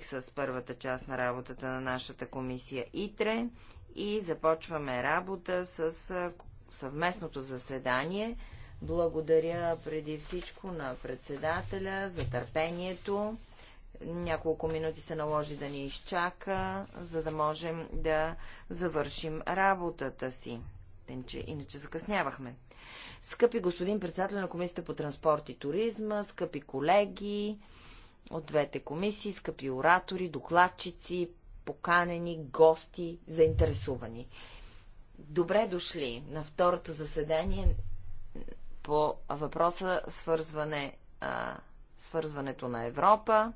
приключих с първата част на работата на нашата комисия ИТРЕ и започваме работа с съвместното заседание. Благодаря преди всичко на председателя за търпението. Няколко минути се наложи да ни изчака, за да можем да завършим работата си. Иначе, иначе закъснявахме. Скъпи господин председател на Комисията по транспорт и туризма, скъпи колеги, от двете комисии, скъпи оратори, докладчици, поканени, гости, заинтересувани. Добре дошли на второто заседание по въпроса свързване, а, свързването на Европа.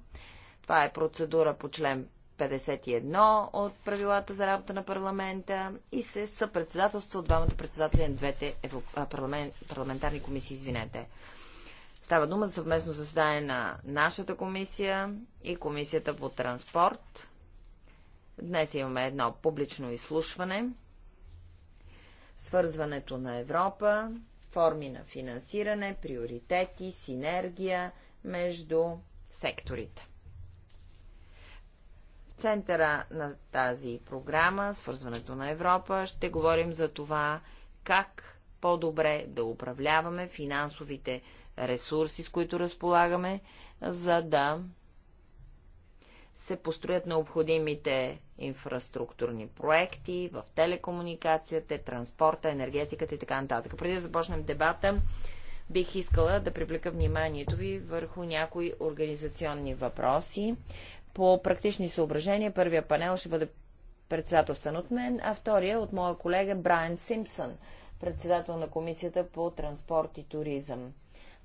Това е процедура по член 51 от правилата за работа на парламента и се съпредседателства от двамата председатели на двете европ... парламент... парламентарни комисии, извинете. Става дума за съвместно заседание на нашата комисия и комисията по транспорт. Днес имаме едно публично изслушване. Свързването на Европа, форми на финансиране, приоритети, синергия между секторите. В центъра на тази програма, свързването на Европа, ще говорим за това как по-добре да управляваме финансовите ресурси, с които разполагаме, за да се построят необходимите инфраструктурни проекти в телекомуникацията, транспорта, енергетиката и така нататък. Преди да започнем дебата, бих искала да привлека вниманието ви върху някои организационни въпроси. По практични съображения първия панел ще бъде председателстван от мен, а втория от моя колега Брайан Симпсън, председател на Комисията по транспорт и туризъм.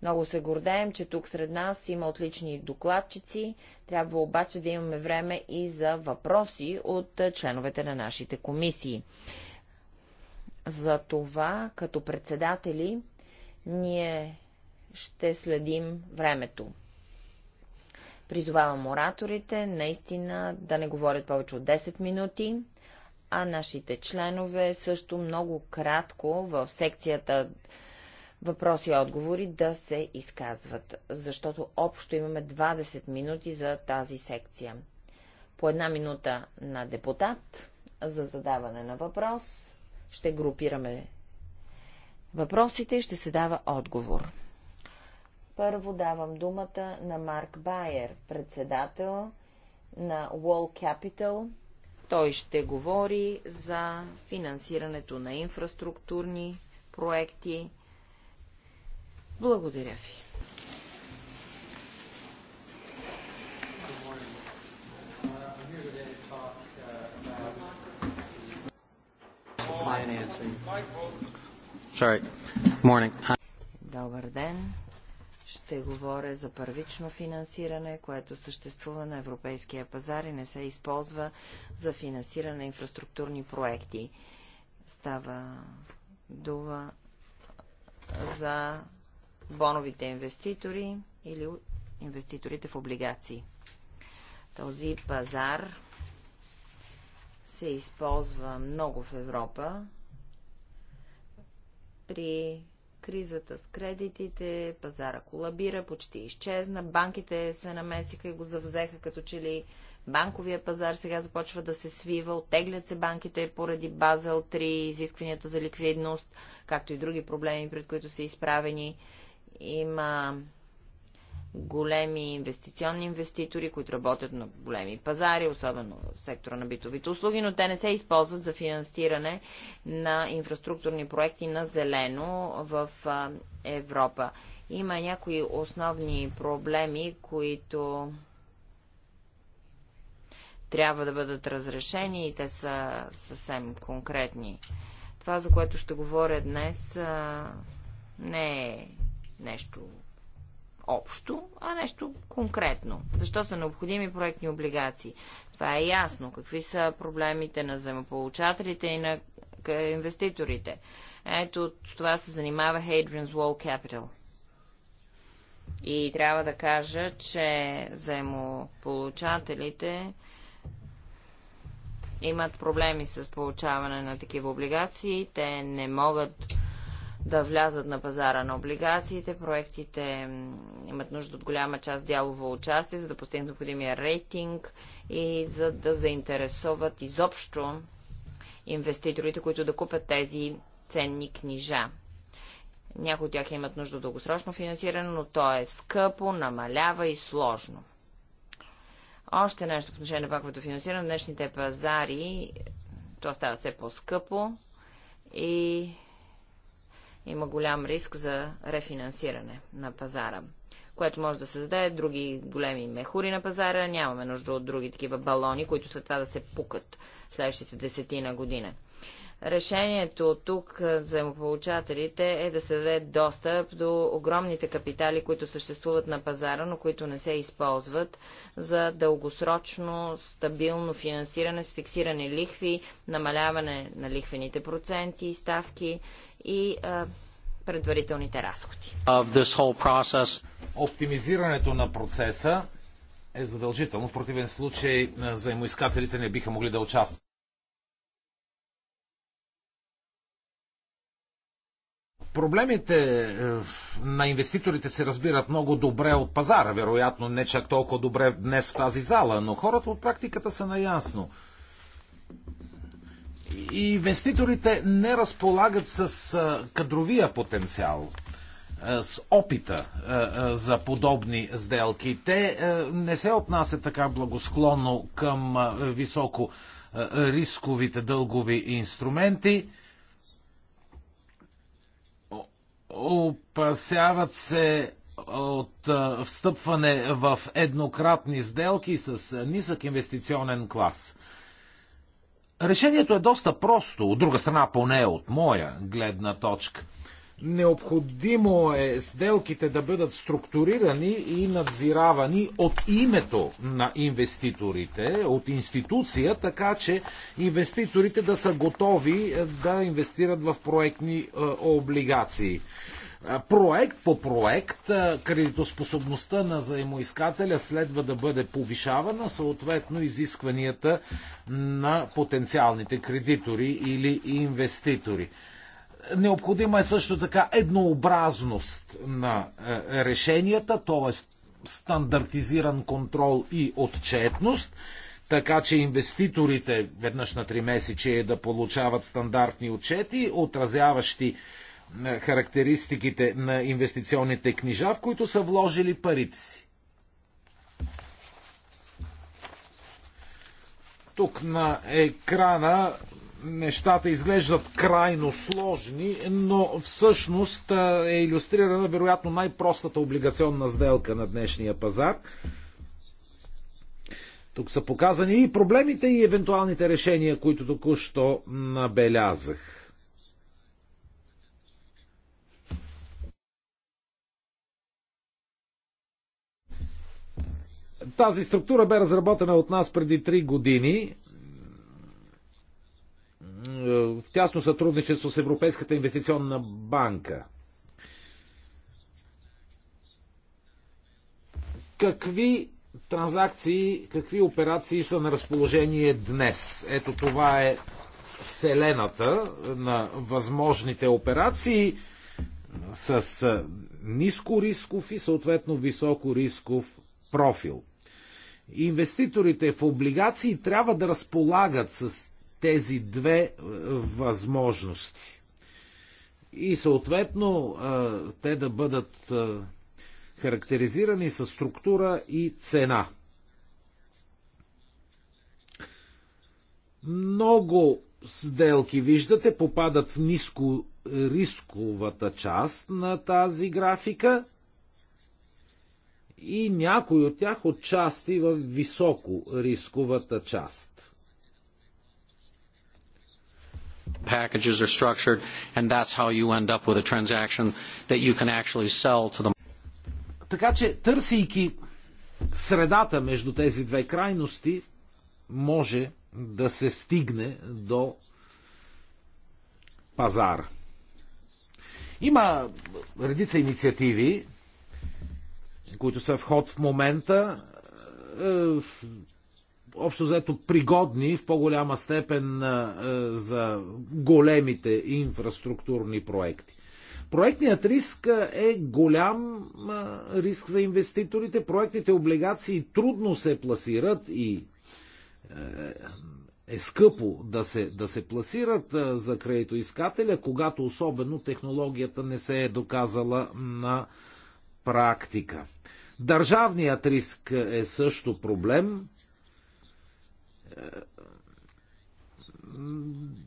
Много се гордеем, че тук сред нас има отлични докладчици, трябва обаче да имаме време и за въпроси от е, членовете на нашите комисии. За това, като председатели, ние ще следим времето. Призовавам ораторите наистина да не говорят повече от 10 минути, а нашите членове също много кратко в секцията въпроси и отговори да се изказват, защото общо имаме 20 минути за тази секция. По една минута на депутат за задаване на въпрос. Ще групираме въпросите и ще се дава отговор. Първо давам думата на Марк Байер, председател на Wall Capital. Той ще говори за финансирането на инфраструктурни проекти благодаря ви. Добър ден. Ще говоря за първично финансиране, което съществува на европейския пазар и не се използва за финансиране на инфраструктурни проекти. Става дума за боновите инвеститори или инвеститорите в облигации. Този пазар се използва много в Европа при кризата с кредитите, пазара колабира, почти изчезна, банките се намесиха и го завзеха, като че ли банковия пазар сега започва да се свива, оттеглят се банките поради Базел 3, изискванията за ликвидност, както и други проблеми, пред които са изправени има големи инвестиционни инвеститори, които работят на големи пазари, особено в сектора на битовите услуги, но те не се използват за финансиране на инфраструктурни проекти на зелено в Европа. Има някои основни проблеми, които трябва да бъдат разрешени и те са съвсем конкретни. Това, за което ще говоря днес, не е нещо общо, а нещо конкретно. Защо са необходими проектни облигации? Това е ясно. Какви са проблемите на вземополучателите и на инвеститорите? Ето, това се занимава Hadrian's Wall Capital. И трябва да кажа, че вземополучателите имат проблеми с получаване на такива облигации. Те не могат да влязат на пазара на облигациите. Проектите имат нужда от голяма част дялово участие, за да постигнат необходимия рейтинг и за да заинтересуват изобщо инвеститорите, които да купят тези ценни книжа. Някои от тях имат нужда от дългосрочно финансиране, но то е скъпо, намалява и сложно. Още нещо по отношение на банковото финансиране. Днешните пазари, то става все по-скъпо и има голям риск за рефинансиране на пазара, което може да създаде други големи мехури на пазара. Нямаме нужда от други такива балони, които след това да се пукат следващите десетина година. Решението тук е, за получателите е да се даде достъп до огромните капитали, които съществуват на пазара, но които не се използват за дългосрочно, стабилно финансиране с фиксирани лихви, намаляване на лихвените проценти, ставки и а, е, предварителните разходи. Оптимизирането на процеса е задължително. В противен случай взаимоискателите е, не биха могли да участват. Проблемите е, на инвеститорите се разбират много добре от пазара, вероятно не чак толкова добре днес в тази зала, но хората от практиката са наясно. Инвеститорите не разполагат с е, кадровия потенциал, е, с опита за подобни сделки. Те не се отнасят така благосклонно към високо рисковите дългови инструменти Опасяват се от встъпване в еднократни сделки с нисък инвестиционен клас. Решението е доста просто, от друга страна поне от моя гледна точка – Необходимо е сделките да бъдат структурирани и надзиравани от името на инвеститорите, от институция, така че инвеститорите да са готови е, да инвестират в проектни е, облигации е, проект по проект кредитоспособността на заемоискателя следва да бъде повишавана, съответно изискванията на потенциалните кредитори или инвеститори. Необходима е също така еднообразност на е, решенията, т.е. стандартизиран контрол и отчетност, така че инвеститорите веднъж на три месече да получават стандартни отчети, отразяващи е, характеристиките на инвестиционните книжа, в които са вложили парите си. Тук на екрана нещата изглеждат крайно сложни, но всъщност е иллюстрирана вероятно най-простата облигационна сделка на днешния пазар. Тук са показани и проблемите и евентуалните решения, които току-що набелязах. Тази структура бе разработена от нас преди 3 години в тясно сътрудничество с Европейската инвестиционна банка. Какви транзакции, какви операции са на разположение днес? Ето това е вселената на възможните операции с ниско рисков и съответно високо рисков профил. Инвеститорите в облигации трябва да разполагат с тези две е, възможности. И съответно е, те да бъдат е, характеризирани с структура и цена. Много сделки, виждате, попадат в ниско рисковата част на тази графика и някои от тях отчасти в високо рисковата част. packages are structured, and that's how you end up with a transaction that you can actually sell to the така че, търсейки средата между тези две крайности, може да се стигне до пазар. Има редица инициативи, които са в ход в момента. Е, общо взето пригодни в по-голяма степен за големите инфраструктурни проекти. Проектният риск е голям риск за инвеститорите. Проектните облигации трудно се пласират и е, е скъпо да се, да се пласират за кредитоискателя, когато особено технологията не се е доказала на практика. Държавният риск е също проблем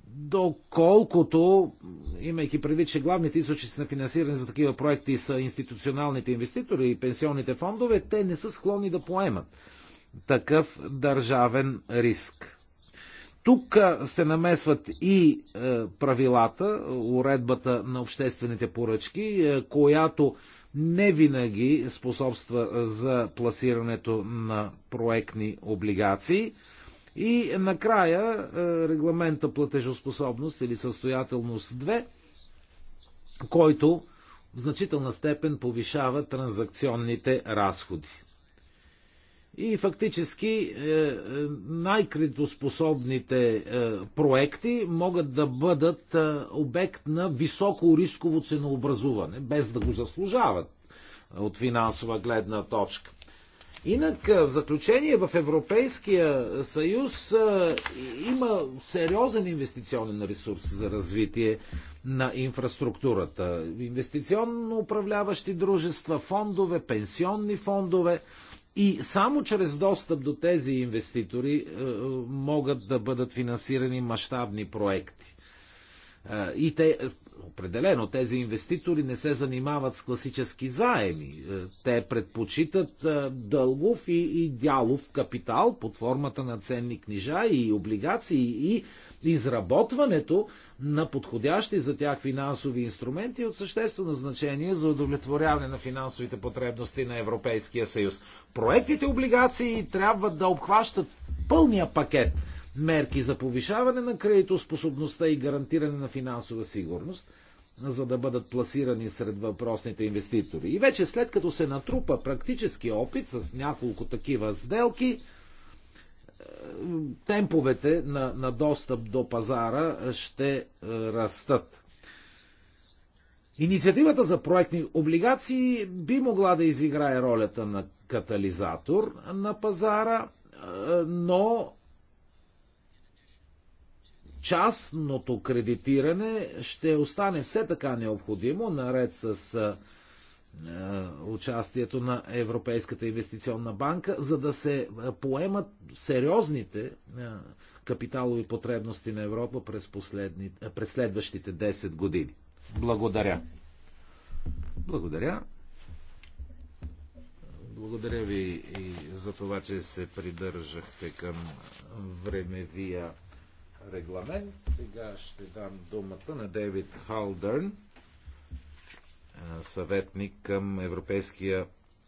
доколкото, имайки предвид, че главните източници на финансиране за такива проекти са институционалните инвеститори и пенсионните фондове, те не са склонни да поемат такъв държавен риск. Тук се намесват и е, правилата, уредбата на обществените поръчки, е, която не винаги способства за пласирането на проектни облигации – и накрая е, регламента платежоспособност или състоятелност 2, който в значителна степен повишава транзакционните разходи. И фактически е, е, най-кредитоспособните проекти могат да бъдат обект на високо рисково ценообразуване, без да го заслужават от финансова гледна точка. Инак, в заключение, в Европейския съюз има сериозен инвестиционен ресурс за развитие на инфраструктурата. Инвестиционно управляващи дружества, фондове, пенсионни фондове. И само чрез достъп до тези инвеститори могат да бъдат финансирани мащабни проекти и те, определено, тези инвеститори не се занимават с класически заеми. Те предпочитат дългов и, и дялов капитал под формата на ценни книжа и облигации и изработването на подходящи за тях финансови инструменти от съществено значение за удовлетворяване на финансовите потребности на Европейския съюз. Проектите облигации трябва да обхващат пълния пакет мерки за повишаване на кредитоспособността и гарантиране на финансова сигурност, за да бъдат пласирани сред въпросните инвеститори. И вече след като се натрупа практически опит с няколко такива сделки, е, темповете на, на достъп до пазара ще е, растат. Инициативата за проектни облигации би могла да изиграе ролята на катализатор на пазара, е, но частното кредитиране ще остане все така необходимо, наред с участието на Европейската инвестиционна банка, за да се поемат сериозните капиталови потребности на Европа през, през следващите 10 години. Благодаря. Благодаря. Благодаря ви и за това, че се придържахте към времевия регламент. Сега ще дам думата на Дейвид Халдърн, е, съветник към Европейския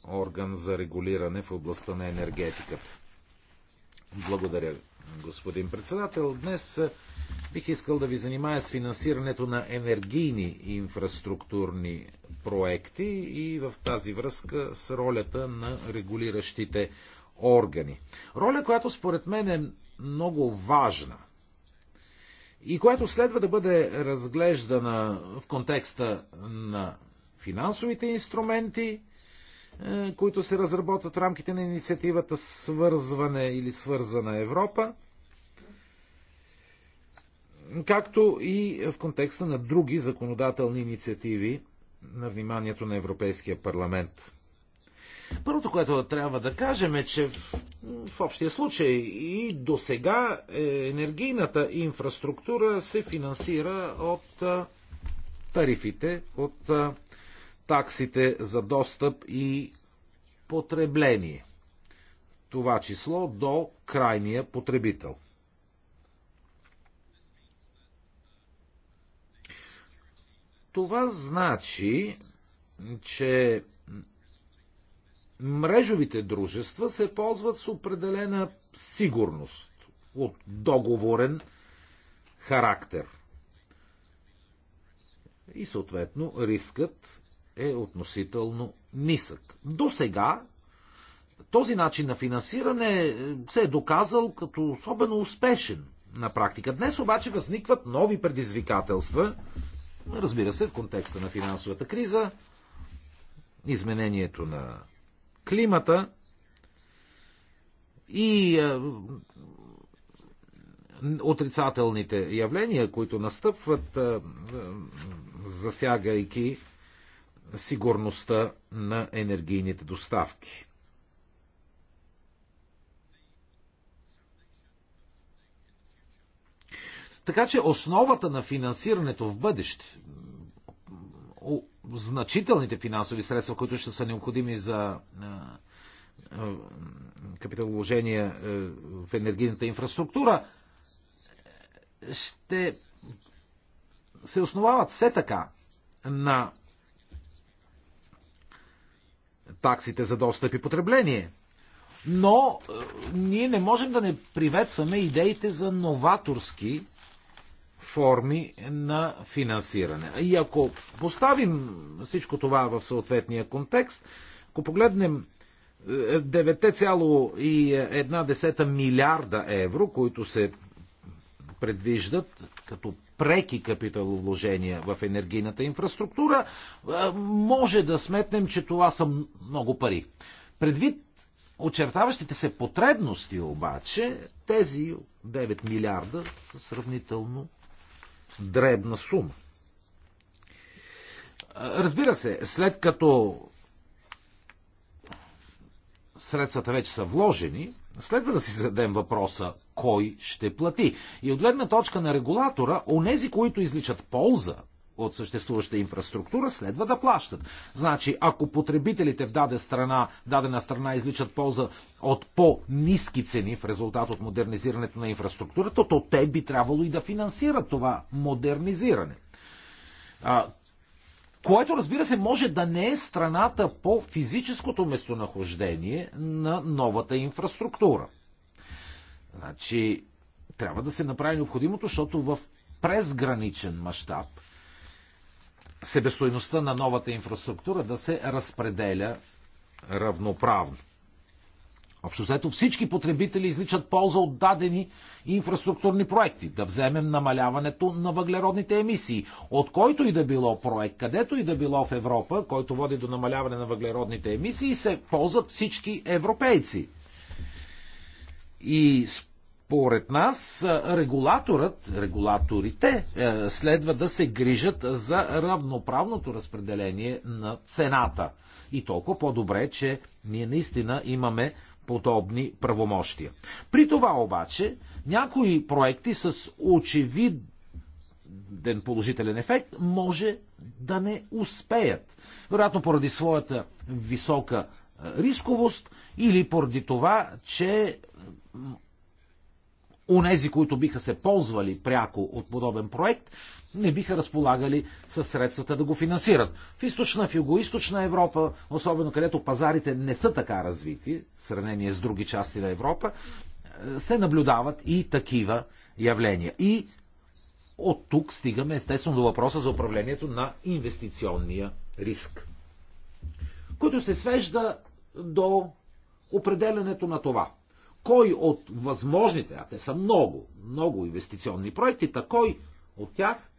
орган за регулиране в областта на енергетиката. Благодаря, господин председател. Днес е, бих искал да ви занимая с финансирането на енергийни инфраструктурни проекти и в тази връзка с ролята на регулиращите органи. Роля, която според мен е много важна – и която следва да бъде разглеждана в контекста на финансовите инструменти, е, които се разработват в рамките на инициативата Свързване или Свързана Европа, както и в контекста на други законодателни инициативи на вниманието на Европейския парламент. Първото, което трябва да кажем е, че в, в общия случай и до сега е, енергийната инфраструктура се финансира от а, тарифите, от а, таксите за достъп и потребление. Това число до крайния потребител. Това значи, че мрежовите дружества се ползват с определена сигурност от договорен характер. И съответно рискът е относително нисък. До сега този начин на финансиране се е доказал като особено успешен на практика. Днес обаче възникват нови предизвикателства, разбира се, в контекста на финансовата криза, изменението на климата и отрицателните явления, които настъпват, засягайки сигурността на енергийните доставки. Така че основата на финансирането в бъдеще, значителните финансови средства, които ще са необходими за капиталовложения в енергийната инфраструктура, ще се основават все така на таксите за достъп и потребление. Но ние не можем да не приветстваме идеите за новаторски форми на финансиране. И ако поставим всичко това в съответния контекст, ако погледнем 9,1 е, милиарда евро, които се предвиждат като преки капиталовложения в енергийната инфраструктура, е, може да сметнем, че това са много пари. Предвид очертаващите се потребности обаче, тези 9 милиарда са сравнително дребна сума. Разбира се, след като средствата вече са вложени, следва да си зададем въпроса кой ще плати. И от гледна точка на регулатора, онези, които изличат полза от съществуваща инфраструктура, следва да плащат. Значи, ако потребителите в даде страна, дадена страна изличат полза от по-низки цени в резултат от модернизирането на инфраструктурата, то те би трябвало и да финансират това модернизиране. А, което, разбира се, може да не е страната по физическото местонахождение на новата инфраструктура. Значи, трябва да се направи необходимото, защото в презграничен мащаб себестойността на новата инфраструктура да се разпределя равноправно. Общо взето всички потребители изличат полза от дадени инфраструктурни проекти. Да вземем намаляването на въглеродните емисии. От който и да било проект, където и да било в Европа, който води до намаляване на въглеродните емисии, се ползват всички европейци. И според нас регулаторът, регулаторите следва да се грижат за равноправното разпределение на цената. И толкова по-добре, че ние наистина имаме подобни правомощия. При това обаче някои проекти с очевиден положителен ефект може да не успеят. Вероятно поради своята висока рисковост или поради това, че Онези, които биха се ползвали пряко от подобен проект, не биха разполагали с средствата да го финансират. В източна, в югоисточна Европа, особено където пазарите не са така развити, в сравнение с други части на Европа, се наблюдават и такива явления. И от тук стигаме естествено до въпроса за управлението на инвестиционния риск, който се свежда до определенето на това – кой от възможните, а те са много, много инвестиционни проекти, такой кой от тях,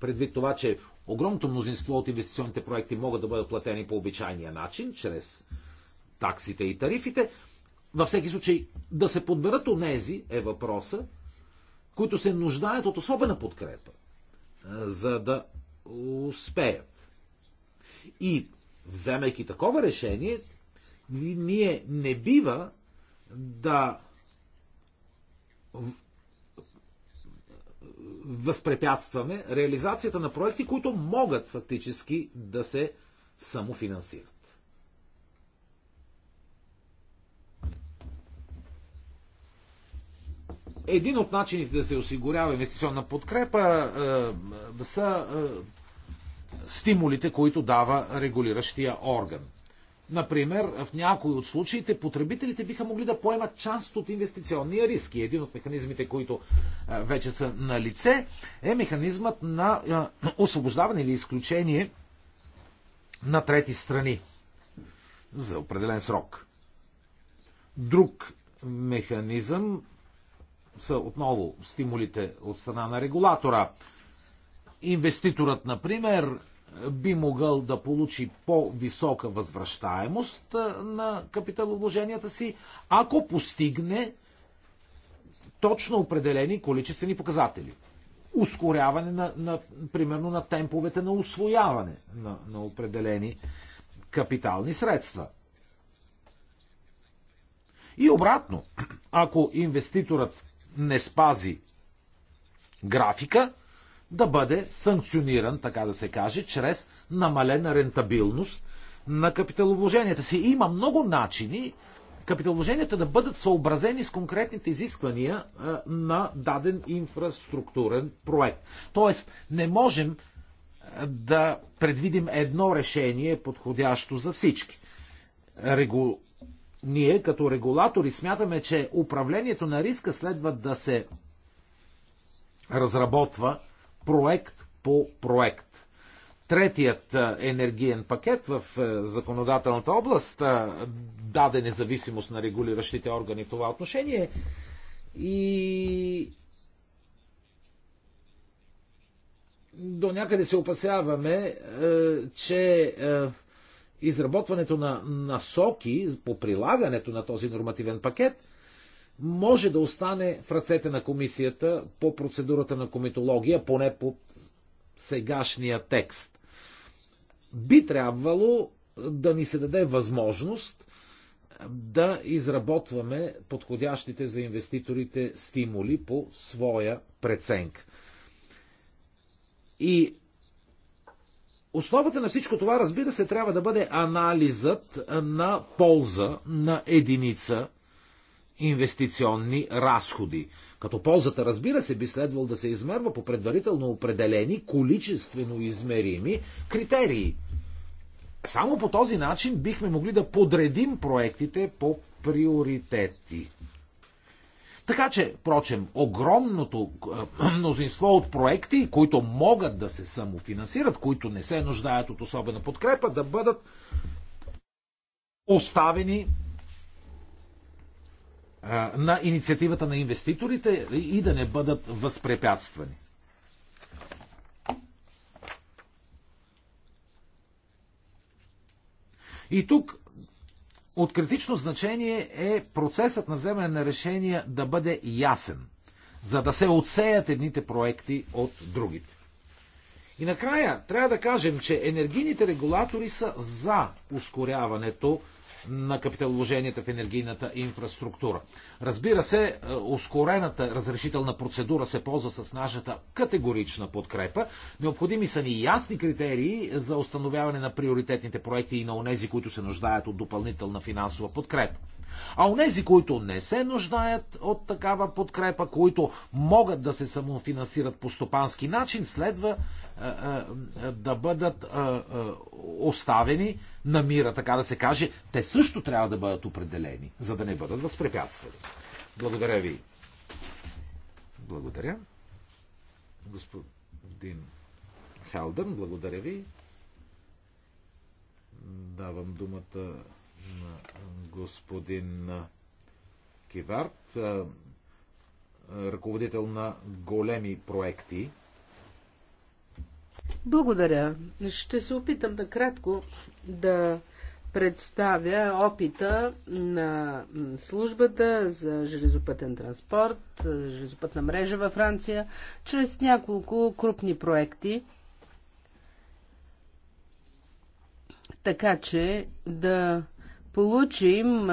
предвид това, че огромното мнозинство от инвестиционните проекти могат да бъдат платени по обичайния начин, чрез таксите и тарифите, във всеки случай да се подберат онези, е въпроса, които се нуждаят от особена подкрепа, за да успеят. И вземайки такова решение, ние не бива да възпрепятстваме реализацията на проекти, които могат фактически да се самофинансират. Един от начините да се осигурява инвестиционна подкрепа е, е са е, стимулите, които дава регулиращия орган. Например, в някои от случаите потребителите биха могли да поемат част от инвестиционния риск. И един от механизмите, които вече са на лице, е механизмът на освобождаване или изключение на трети страни за определен срок. Друг механизъм са отново стимулите от страна на регулатора. Инвеститорът, например, би могъл да получи по-висока възвръщаемост на капиталовложенията си, ако постигне точно определени количествени показатели. Ускоряване на, на примерно, на темповете на освояване на, на определени капитални средства. И обратно, ако инвеститорът не спази графика, да бъде санкциониран, така да се каже, чрез намалена рентабилност на капиталовложенията си. Има много начини капиталовложенията да бъдат съобразени с конкретните изисквания на даден инфраструктурен проект. Тоест, не можем да предвидим едно решение, подходящо за всички. Регу... Ние, като регулатори, смятаме, че управлението на риска следва да се разработва проект по проект. Третият енергиен пакет в законодателната област даде независимост на регулиращите органи в това отношение и до някъде се опасяваме, че изработването на насоки по прилагането на този нормативен пакет – може да остане в ръцете на комисията по процедурата на комитология, поне по сегашния текст. Би трябвало да ни се даде възможност да изработваме подходящите за инвеститорите стимули по своя преценка. И Основата на всичко това, разбира се, трябва да бъде анализът на полза на единица инвестиционни разходи. Като ползата, разбира се, би следвало да се измерва по предварително определени, количествено измерими критерии. Само по този начин бихме могли да подредим проектите по приоритети. Така че, прочем, огромното мнозинство от проекти, които могат да се самофинансират, които не се нуждаят от особена подкрепа, да бъдат оставени на инициативата на инвеститорите и да не бъдат възпрепятствани. И тук от критично значение е процесът на вземане на решения да бъде ясен, за да се отсеят едните проекти от другите. И накрая трябва да кажем, че енергийните регулатори са за ускоряването на капиталовложенията в енергийната инфраструктура. Разбира се, е, ускорената разрешителна процедура се ползва с нашата категорична подкрепа. Необходими са ни ясни критерии за установяване на приоритетните проекти и на онези, които се нуждаят от допълнителна финансова подкрепа. А онези, които не се нуждаят от такава подкрепа, които могат да се самофинансират по стопански начин, следва е, е, да бъдат е, е, оставени на мира, така да се каже. Те също трябва да бъдат определени, за да не бъдат възпрепятствани. Благодаря ви. Благодаря. Господин Хелдън, благодаря ви. Давам думата на господин Кеварт, ръководител на големи проекти. Благодаря. Ще се опитам да кратко да представя опита на службата за железопътен транспорт, железопътна мрежа във Франция, чрез няколко крупни проекти, така че да получим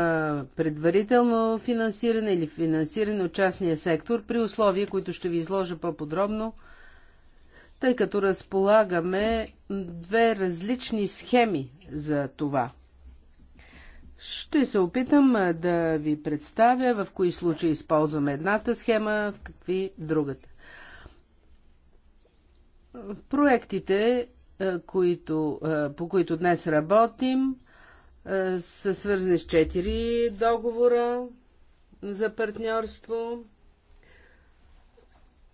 предварително финансиране или финансиране от частния сектор при условия, които ще ви изложа по-подробно, тъй като разполагаме две различни схеми за това. Ще се опитам да ви представя в кои случаи използваме едната схема, в какви другата. Проектите, които, по които днес работим, е, са свързани с четири договора за партньорство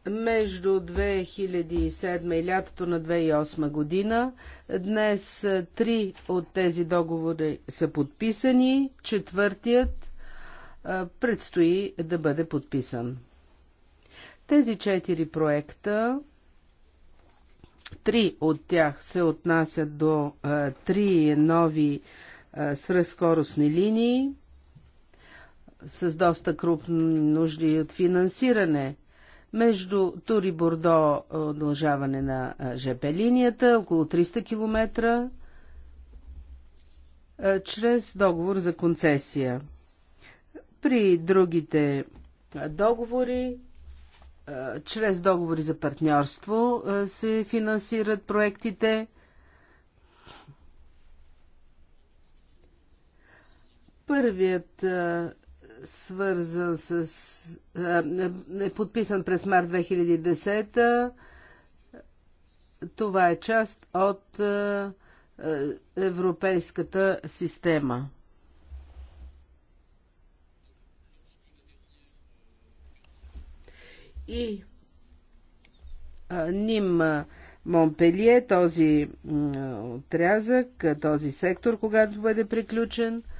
между 2007 и лятото на 2008 година. Днес е, три от тези договори са подписани, четвъртият е, предстои да бъде подписан. Тези четири проекта, три от тях се отнасят до три нови свръхскоростни линии с доста крупни нужди от финансиране. Между Тури Бордо удължаване на ЖП линията, около 300 км, чрез договор за концесия. При другите договори, чрез договори за партньорство се финансират проектите Първият а, свързан с... А, е подписан през март 2010. Това е част от а, европейската система. И Ним Монпелие, този отрязък, този сектор, когато бъде приключен –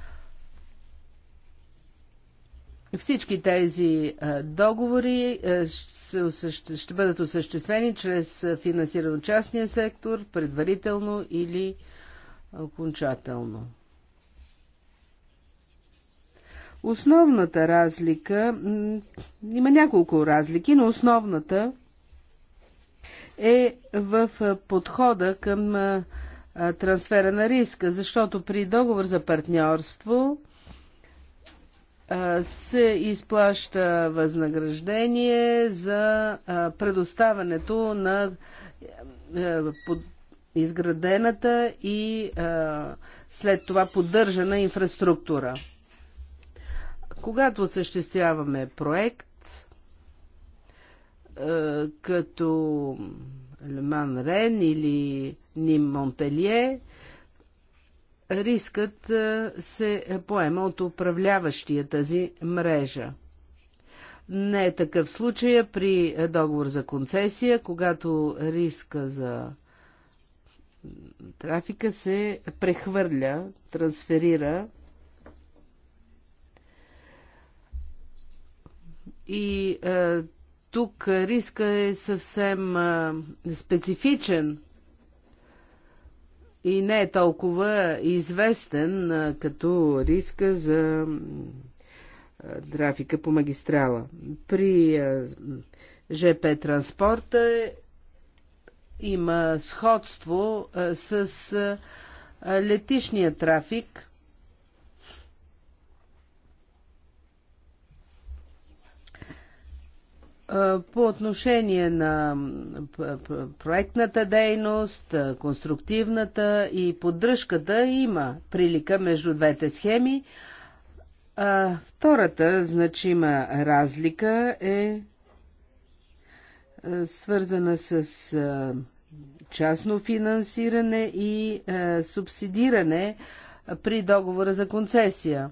всички тези договори ще бъдат осъществени чрез финансиране от частния сектор, предварително или окончателно. Основната разлика, има няколко разлики, но основната е в подхода към трансфера на риска, защото при договор за партньорство се изплаща възнаграждение за предоставянето на изградената и след това поддържана инфраструктура. Когато осъществяваме проект, като Леман Рен или Ним Монпелие, рискът се поема от управляващия тази мрежа. Не е такъв случая при договор за концесия, когато риска за трафика се прехвърля, трансферира и е, тук риска е съвсем е, специфичен – и не е толкова известен а, като риска за а, трафика по магистрала. При а, ЖП транспорта има сходство с летишния трафик, По отношение на проектната дейност, конструктивната и поддръжката има прилика между двете схеми. А, втората значима разлика е свързана с частно финансиране и субсидиране при договора за концесия.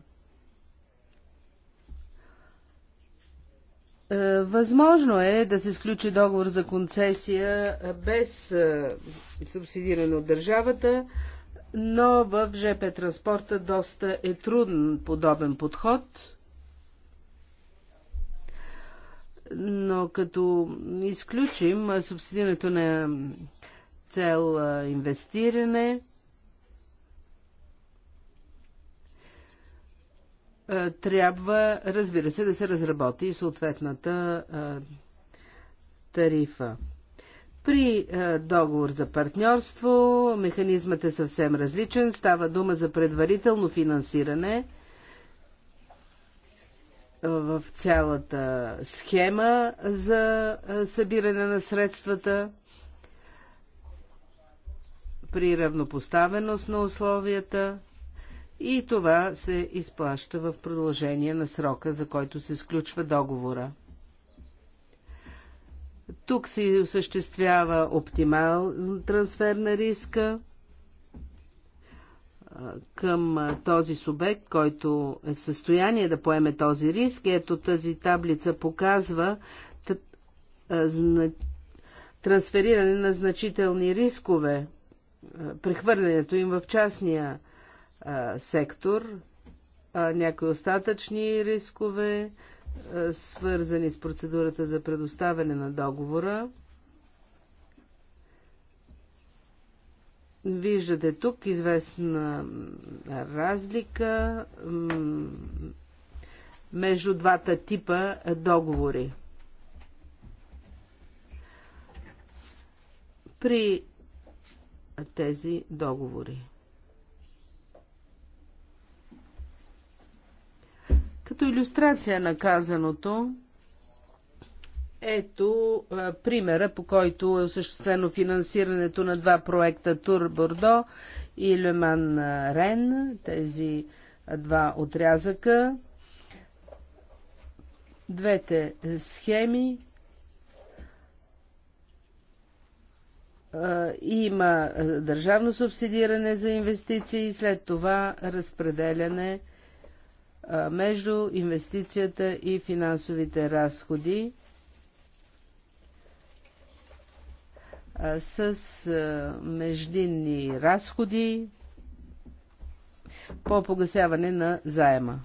Е, възможно е да се сключи договор за концесия е, без е, субсидиране от държавата, но в ЖП транспорта доста е труден подобен подход. Но като изключим субсидирането на цел инвестиране, Е, трябва, разбира се, да се разработи и съответната е, тарифа. При е, договор за партньорство механизмът е съвсем различен. Става дума за предварително финансиране в цялата схема за събиране на средствата при равнопоставеност на условията – и това се изплаща в продължение на срока, за който се сключва договора. Тук се осъществява оптимал трансфер на риска към този субект, който е в състояние да поеме този риск. Ето тази таблица показва трансфериране на значителни рискове, прехвърлянето им в частния а, сектор, а, някои остатъчни рискове, а, свързани с процедурата за предоставяне на договора. Виждате тук известна разлика между двата типа договори. При тези договори. Като иллюстрация на казаното, ето а, примера, по който е осъществено финансирането на два проекта Тур Бордо и Леман Рен, тези два отрязъка. Двете схеми а, има държавно субсидиране за инвестиции и след това разпределяне между инвестицията и финансовите разходи с междинни разходи по погасяване на заема.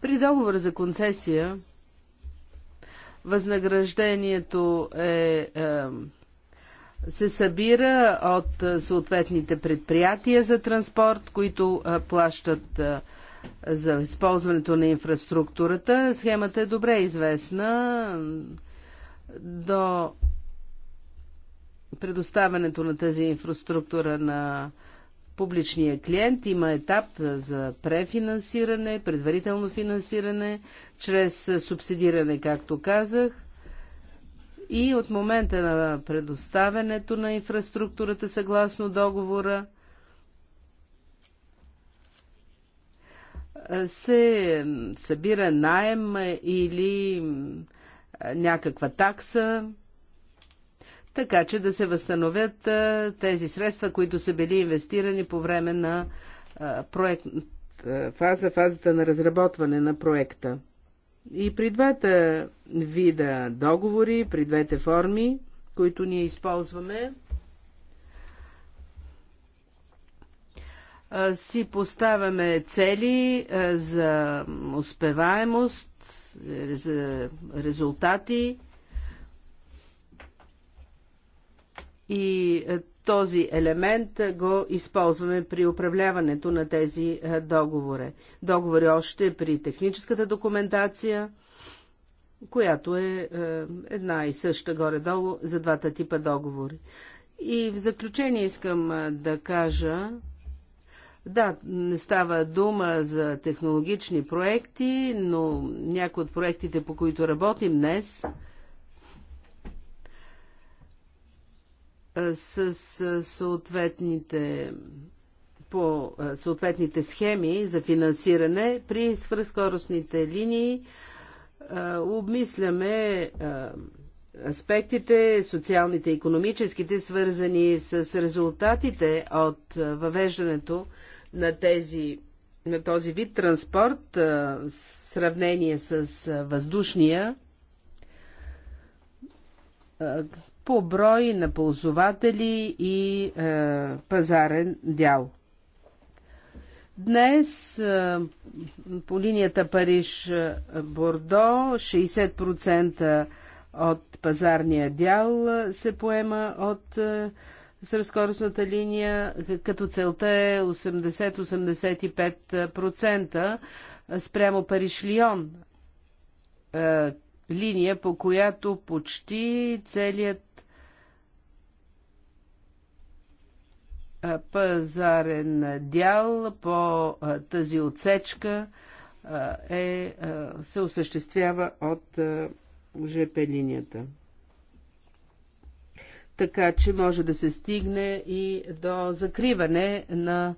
При договора за концесия Възнаграждението е, е, се събира от е, съответните предприятия за транспорт, които е, плащат за използването на инфраструктурата. Схемата е добре известна. До предоставянето на тази инфраструктура на Публичният клиент има етап за префинансиране, предварително финансиране, чрез субсидиране, както казах. И от момента на предоставянето на инфраструктурата съгласно договора се събира найем или някаква такса така че да се възстановят тези средства, които са били инвестирани по време на проект, фаза, фазата на разработване на проекта. И при двата вида договори, при двете форми, които ние използваме, си поставяме цели за успеваемост, за резултати, И е, този елемент го използваме при управляването на тези е, договори. Договори още при техническата документация, която е, е една и съща горе-долу за двата типа договори. И в заключение искам да кажа, да, не става дума за технологични проекти, но някои от проектите, по които работим днес, с съответните по съответните схеми за финансиране при свръхскоростните линии обмисляме аспектите, социалните и економическите, свързани с резултатите от въвеждането на, тези, на този вид транспорт в сравнение с въздушния, по брой на ползователи и е, пазарен дял. Днес е, по линията Париж-Бордо 60% от пазарния дял се поема от е, сръскоростната линия, като целта е 80-85% спрямо Париж-Лион, е, линия, по която почти целият пазарен дял по тази отсечка е, се осъществява от ЖП линията. Така че може да се стигне и до закриване на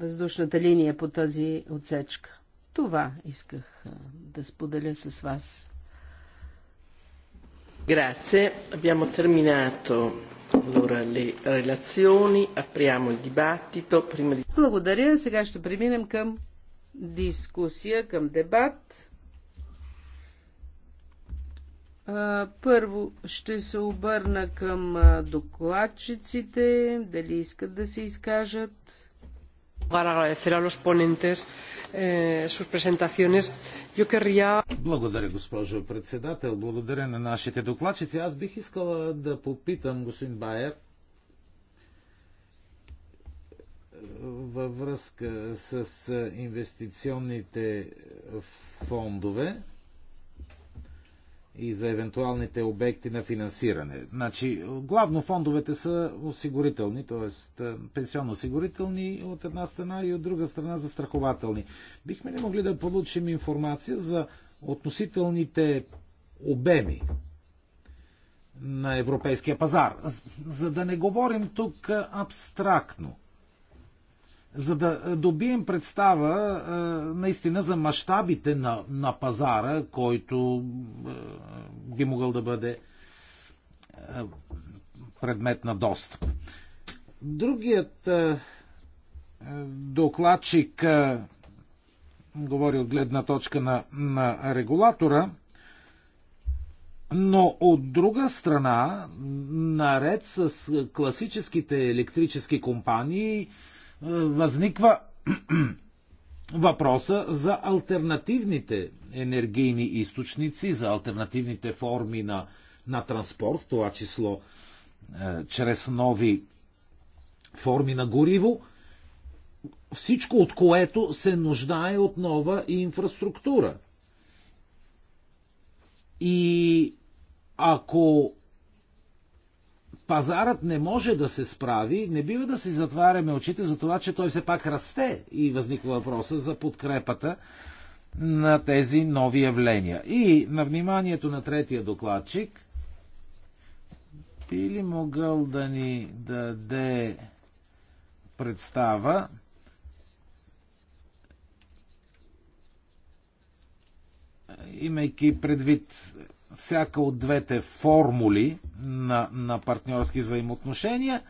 въздушната линия по тази отсечка. Това исках да споделя с вас. Grazie, abbiamo terminato Allora, le relazioni, apriamo il dibattito. Prima di... Благодаря. Сега ще преминем към дискусия, към дебат. Първо ще се обърна към докладчиците, дали искат да се изкажат. Благодаря, госпожо председател. Благодаря на нашите докладчици. Аз бих искала да попитам господин Байер във връзка с инвестиционните фондове и за евентуалните обекти на финансиране. Значи, главно фондовете са осигурителни, т.е. Е, пенсионно-осигурителни от една страна и от друга страна застрахователни. Бихме ли могли да получим информация за относителните обеми на европейския пазар? За да не говорим тук абстрактно – за да добием представа е, наистина за мащабите на, на пазара, който е, би могъл да бъде е, предмет на достъп. Другият докладчик говори от гледна точка на, на регулатора, но от друга страна, наред с класическите електрически компании, е, възниква въпроса за альтернативните енергийни източници, за альтернативните форми на, на транспорт, това число е, чрез нови форми на гориво, всичко от което се нуждае от нова инфраструктура. И ако пазарът не може да се справи, не бива да си затваряме очите за това, че той все пак расте и възниква въпроса за подкрепата на тези нови явления. И на вниманието на третия докладчик би ли могъл да ни даде представа имайки предвид всяка от двете формули на, на партньорски взаимоотношения,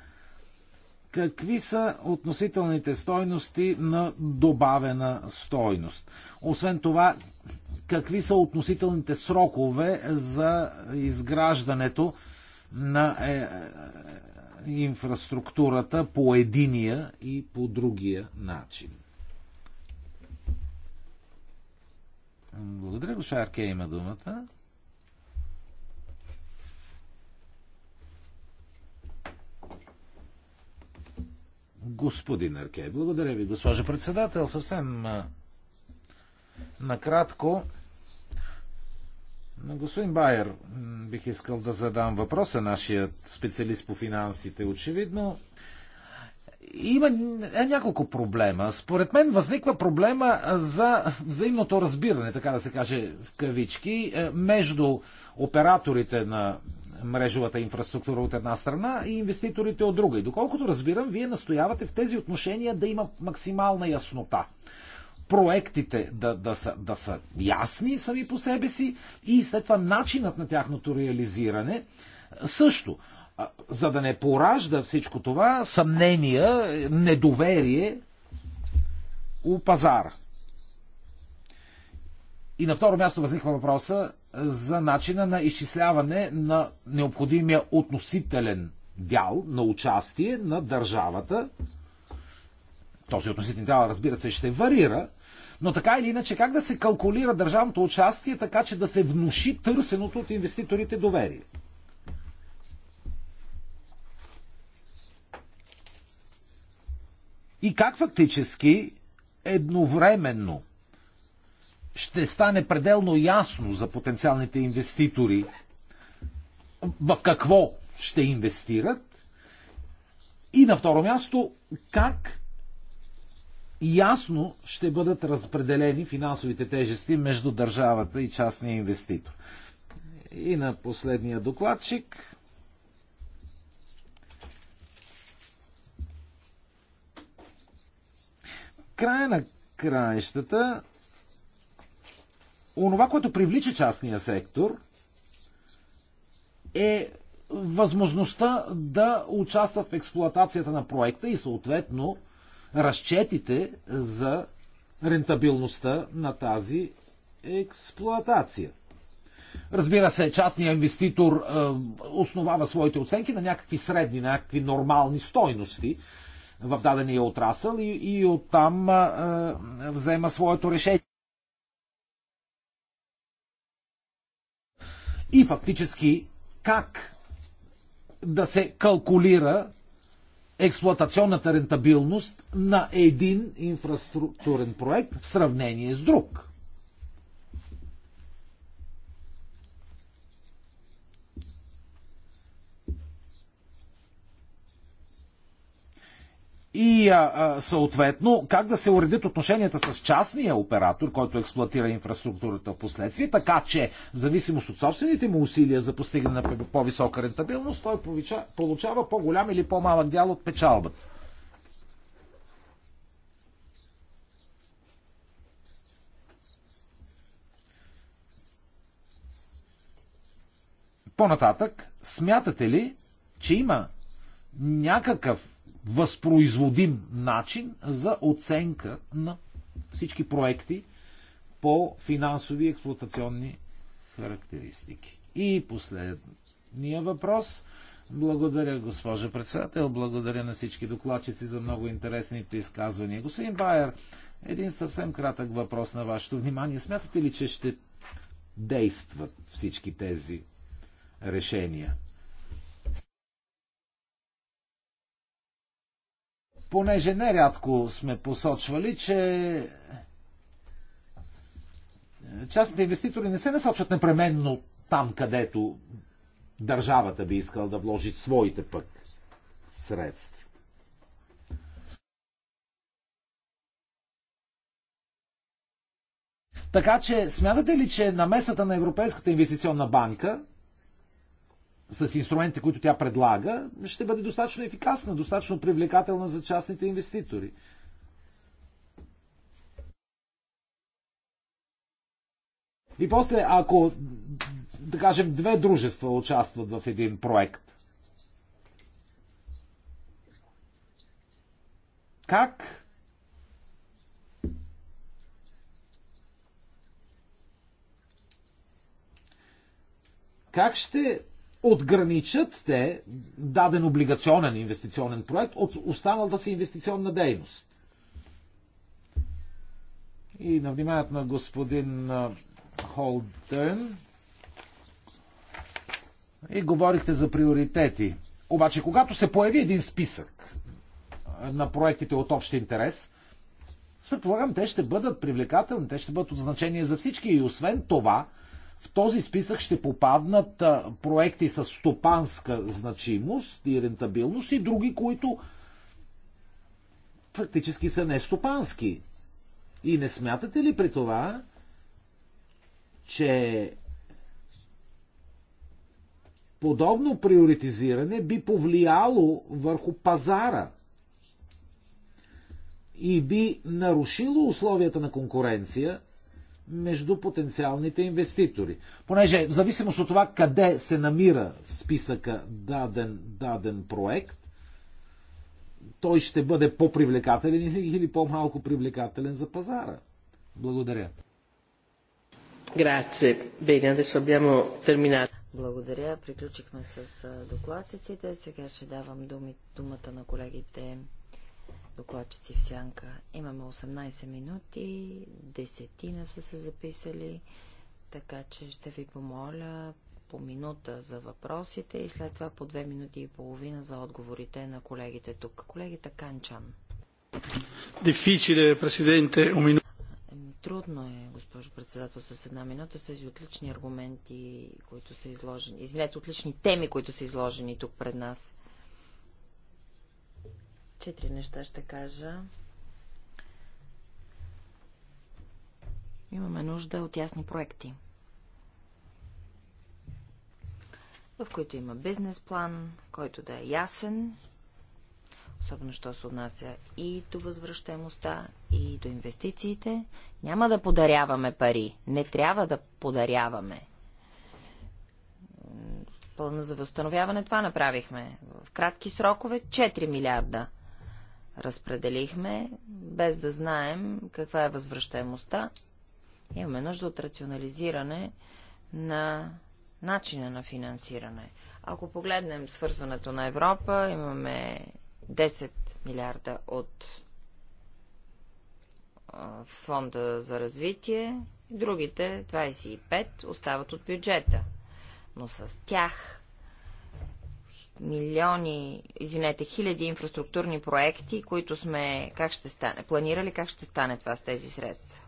какви са относителните стойности на добавена стойност. Освен това, какви са относителните срокове за изграждането на е, е, инфраструктурата по единия и по другия начин. Благодаря, Гошарке има думата. Господин Аркей, благодаря ви, госпожа председател. Съвсем накратко. На господин Байер бих искал да задам въпроса, нашият специалист по финансите, очевидно. Има е, няколко проблема. Според мен възниква проблема за взаимното разбиране, така да се каже в кавички, е, между операторите на мрежовата инфраструктура от една страна и инвеститорите от друга. И доколкото разбирам, вие настоявате в тези отношения да има максимална яснота. Проектите да, да, са, да са ясни сами по себе си и след това начинът на тяхното реализиране също. За да не поражда всичко това съмнения, недоверие у пазара. И на второ място възниква въпроса за начина на изчисляване на необходимия относителен дял на участие на държавата. Този относителен дял, разбира се, ще варира, но така или иначе, как да се калкулира държавното участие, така че да се внуши търсеното от инвеститорите доверие? И как фактически едновременно ще стане пределно ясно за потенциалните инвеститори в какво ще инвестират и на второ място как ясно ще бъдат разпределени финансовите тежести между държавата и частния инвеститор. И на последния докладчик. Края на краищата онова, което привлича частния сектор, е възможността да участва в експлоатацията на проекта и съответно разчетите за рентабилността на тази експлоатация. Разбира се, частният инвеститор е, основава своите оценки на някакви средни, на някакви нормални стойности в дадения отрасъл и, и оттам а, е, е, взема своето решение. и фактически как да се калкулира експлоатационната рентабилност на един инфраструктурен проект в сравнение с друг. и а, а, съответно как да се уредят отношенията с частния оператор, който експлуатира инфраструктурата в последствие, така че в зависимост от собствените му усилия за постигане на по-висока рентабилност, той получава по-голям или по-малък дял от печалбата. По-нататък, смятате ли, че има някакъв възпроизводим начин за оценка на всички проекти по финансови и експлуатационни характеристики. И последния въпрос. Благодаря, госпожа председател. Благодаря на всички докладчици за много интересните изказвания. Господин Байер, един съвсем кратък въпрос на вашето внимание. Смятате ли, че ще действат всички тези решения? понеже нерядко сме посочвали, че частните инвеститори не се насочват непременно там, където държавата би искала да вложи своите пък средства. Така че смятате ли, че намесата на Европейската инвестиционна банка с инструментите, които тя предлага, ще бъде достатъчно ефикасна, достатъчно привлекателна за частните инвеститори. И после, ако, да кажем, две дружества участват в един проект, как как ще отграничат те даден облигационен инвестиционен проект от останалата си инвестиционна дейност. И на вниманието на господин Холден и говорихте за приоритети. Обаче, когато се появи един списък на проектите от общ интерес, предполагам, те ще бъдат привлекателни, те ще бъдат от значение за всички и освен това, в този списък ще попаднат проекти с стопанска значимост и рентабилност и други, които фактически са нестопански. И не смятате ли при това, че подобно приоритизиране би повлияло върху пазара и би нарушило условията на конкуренция – между потенциалните инвеститори. Понеже в зависимост от това къде се намира в списъка даден, даден проект, той ще бъде по-привлекателен или по-малко привлекателен за пазара. Благодаря. Бене, да се обявам terminato. Благодаря. Приключихме с докладчиците. Сега ще давам думи, думата на колегите докладчици в сянка. Имаме 18 минути, десетина са се записали, така че ще ви помоля по минута за въпросите и след това по две минути и половина за отговорите на колегите тук. Колегите Канчан. Дефичиле, президенте, Трудно е, госпожо председател, с една минута с тези отлични аргументи, които са изложени. Извинете, отлични теми, които са изложени тук пред нас. Четири неща ще кажа. Имаме нужда от ясни проекти, в които има бизнес план, който да е ясен, особено що се отнася и до възвръщаемостта, и до инвестициите. Няма да подаряваме пари. Не трябва да подаряваме. Плана за възстановяване това направихме. В кратки срокове 4 милиарда разпределихме, без да знаем каква е възвръщаемостта. Имаме нужда от рационализиране на начина на финансиране. Ако погледнем свързването на Европа, имаме 10 милиарда от фонда за развитие, другите 25 остават от бюджета. Но с тях милиони, извинете, хиляди инфраструктурни проекти, които сме как ще стане, планирали, как ще стане това с тези средства.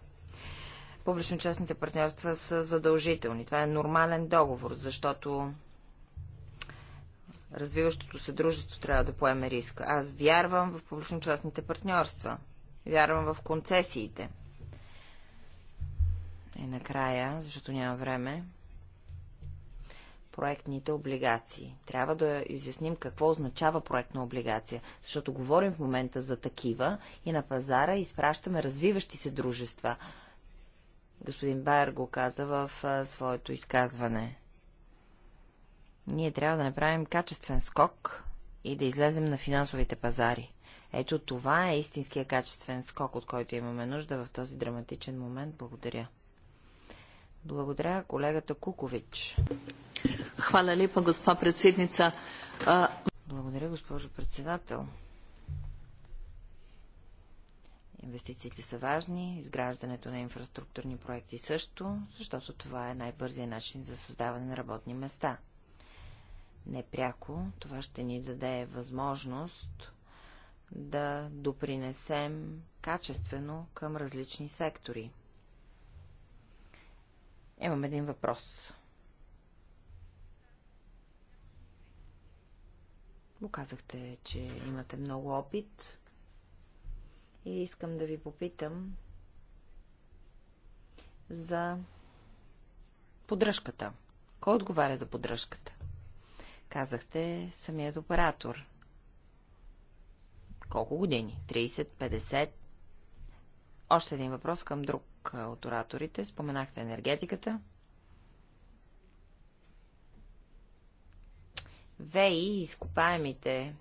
Публично-частните партньорства са задължителни. Това е нормален договор, защото развиващото се дружество трябва да поеме риска. Аз вярвам в публично-частните партньорства. Вярвам в концесиите. И накрая, защото няма време, проектните облигации. Трябва да изясним какво означава проектна облигация, защото говорим в момента за такива и на пазара изпращаме развиващи се дружества. Господин Байер го каза в а, своето изказване. Ние трябва да направим качествен скок и да излезем на финансовите пазари. Ето това е истинския качествен скок, от който имаме нужда в този драматичен момент. Благодаря. Благодаря колегата Кукович. Hvala lepa, gospa председница. Благодаря, госпожо председател. Инвестициите са важни, изграждането на инфраструктурни проекти също, защото това е най-бързият начин за създаване на работни места. Непряко това ще ни даде възможност да допринесем качествено към различни сектори. Имам един въпрос. Го казахте, че имате много опит и искам да ви попитам за поддръжката. Кой отговаря за поддръжката? Казахте самият оператор. Колко години? 30, 50? Още един въпрос към друг от ораторите. Споменахте енергетиката. ВЕИ, изкопаемите,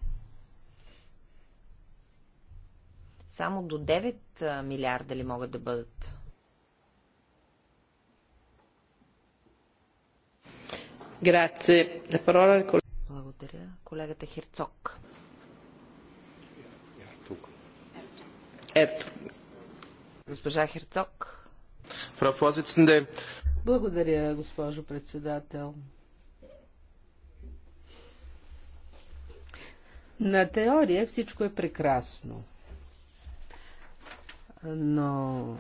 само до 9 милиарда ли могат да бъдат? Благодаря. Колегата Херцог. Госпожа Херцог. Благодаря, госпожо председател. На теория всичко е прекрасно. Но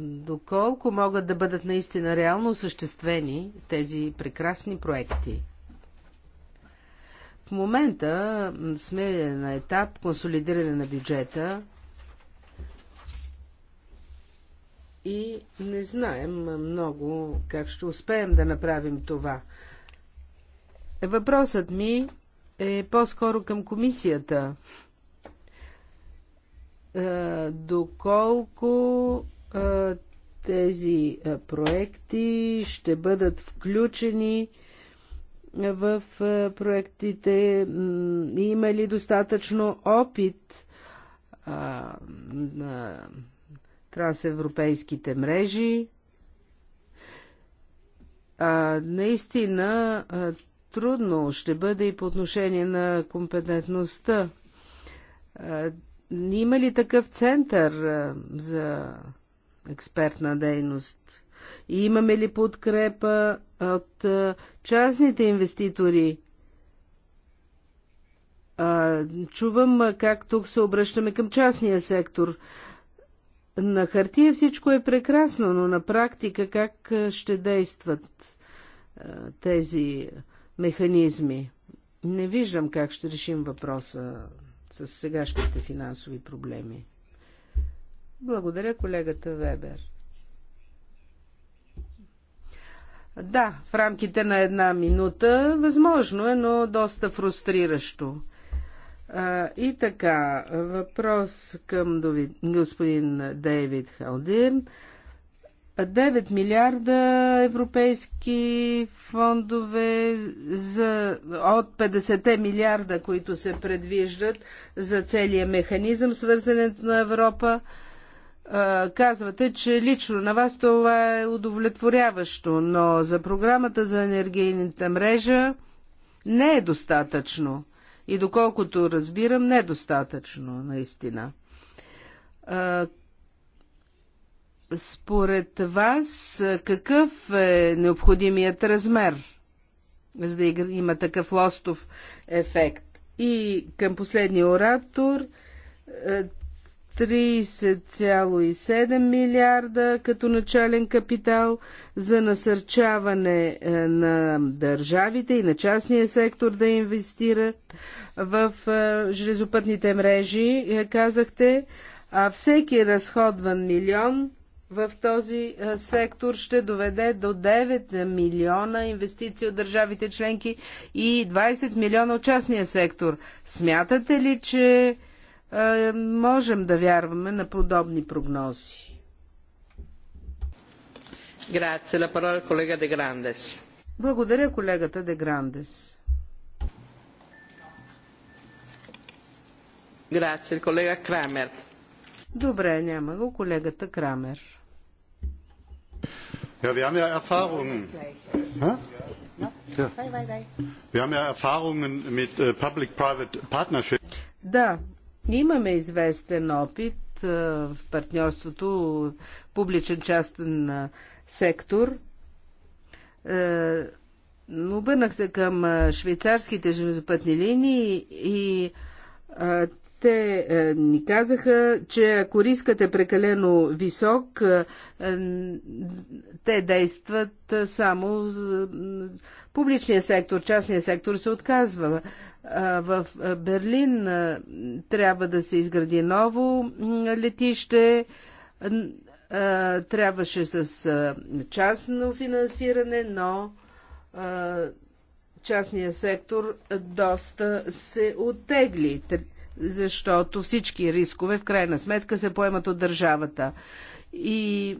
доколко могат да бъдат наистина реално осъществени тези прекрасни проекти? В момента сме на етап консолидиране на бюджета и не знаем много как ще успеем да направим това. Въпросът ми е по-скоро към комисията. Е, доколко е, тези е, проекти ще бъдат включени в проектите? Има ли достатъчно опит на трансевропейските мрежи? а, наистина трудно ще бъде и по отношение на компетентността. Има ли такъв център за експертна дейност? И имаме ли подкрепа от частните инвеститори? Чувам как тук се обръщаме към частния сектор. На хартия всичко е прекрасно, но на практика как ще действат тези механизми. Не виждам как ще решим въпроса с сегашните финансови проблеми. Благодаря колегата Вебер. Да, в рамките на една минута възможно е, но доста фрустриращо. А, и така, въпрос към господин Дейвид Халдин. 9 милиарда европейски фондове за, от 50 милиарда, които се предвиждат за целия механизъм свързането на Европа. Казвате, че лично на вас това е удовлетворяващо, но за програмата за енергийната мрежа не е достатъчно. И доколкото разбирам, недостатъчно, наистина според вас, какъв е необходимият размер, за да има такъв лостов ефект? И към последния оратор 30,7 е, милиарда като начален капитал за насърчаване е, на държавите и на частния сектор да инвестират в е, железопътните мрежи, казахте, а всеки разходван милион в този сектор ще доведе до 9 милиона инвестиции от държавите членки и 20 милиона от частния сектор. Смятате ли, че е, можем да вярваме на подобни прогнози? Благодаря колегата Де Грандес. Добре, няма го колегата Крамер. Ja, wir haben ja Erfahrungen. Wir haben ja Erfahrungen mit äh, Public-Private Partnership. Да, имаме известен опит э, в партньорството публичен-частен э, сектор. Э, обърнах се към швейцарските железопътни линии и те е, ни казаха, че ако рискът е прекалено висок, е, е те действат е, само за е, публичния сектор, частния сектор се отказва. В Берлин трябва да се изгради ново летище, трябваше с частно финансиране, но частния сектор доста се оттегли защото всички рискове в крайна сметка се поемат от държавата. И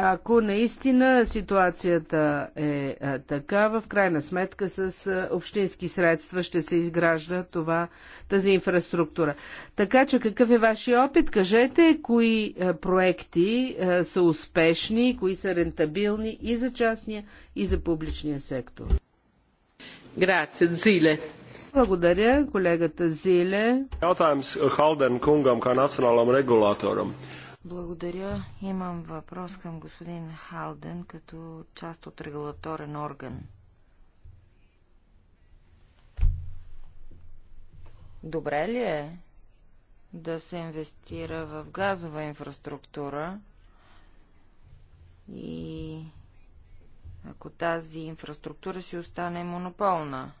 ако наистина ситуацията е такава, в крайна сметка с общински средства ще се изгражда това, тази инфраструктура. Така че какъв е вашия опит? Кажете кои проекти са успешни, кои са рентабилни и за частния, и за публичния сектор. Грация, Зиле. Благодаря, колегата Зиле. Благодаря. Имам въпрос към господин Халден като част от регулаторен орган. Добре ли е да се инвестира в газова инфраструктура и ако тази инфраструктура си остане монополна?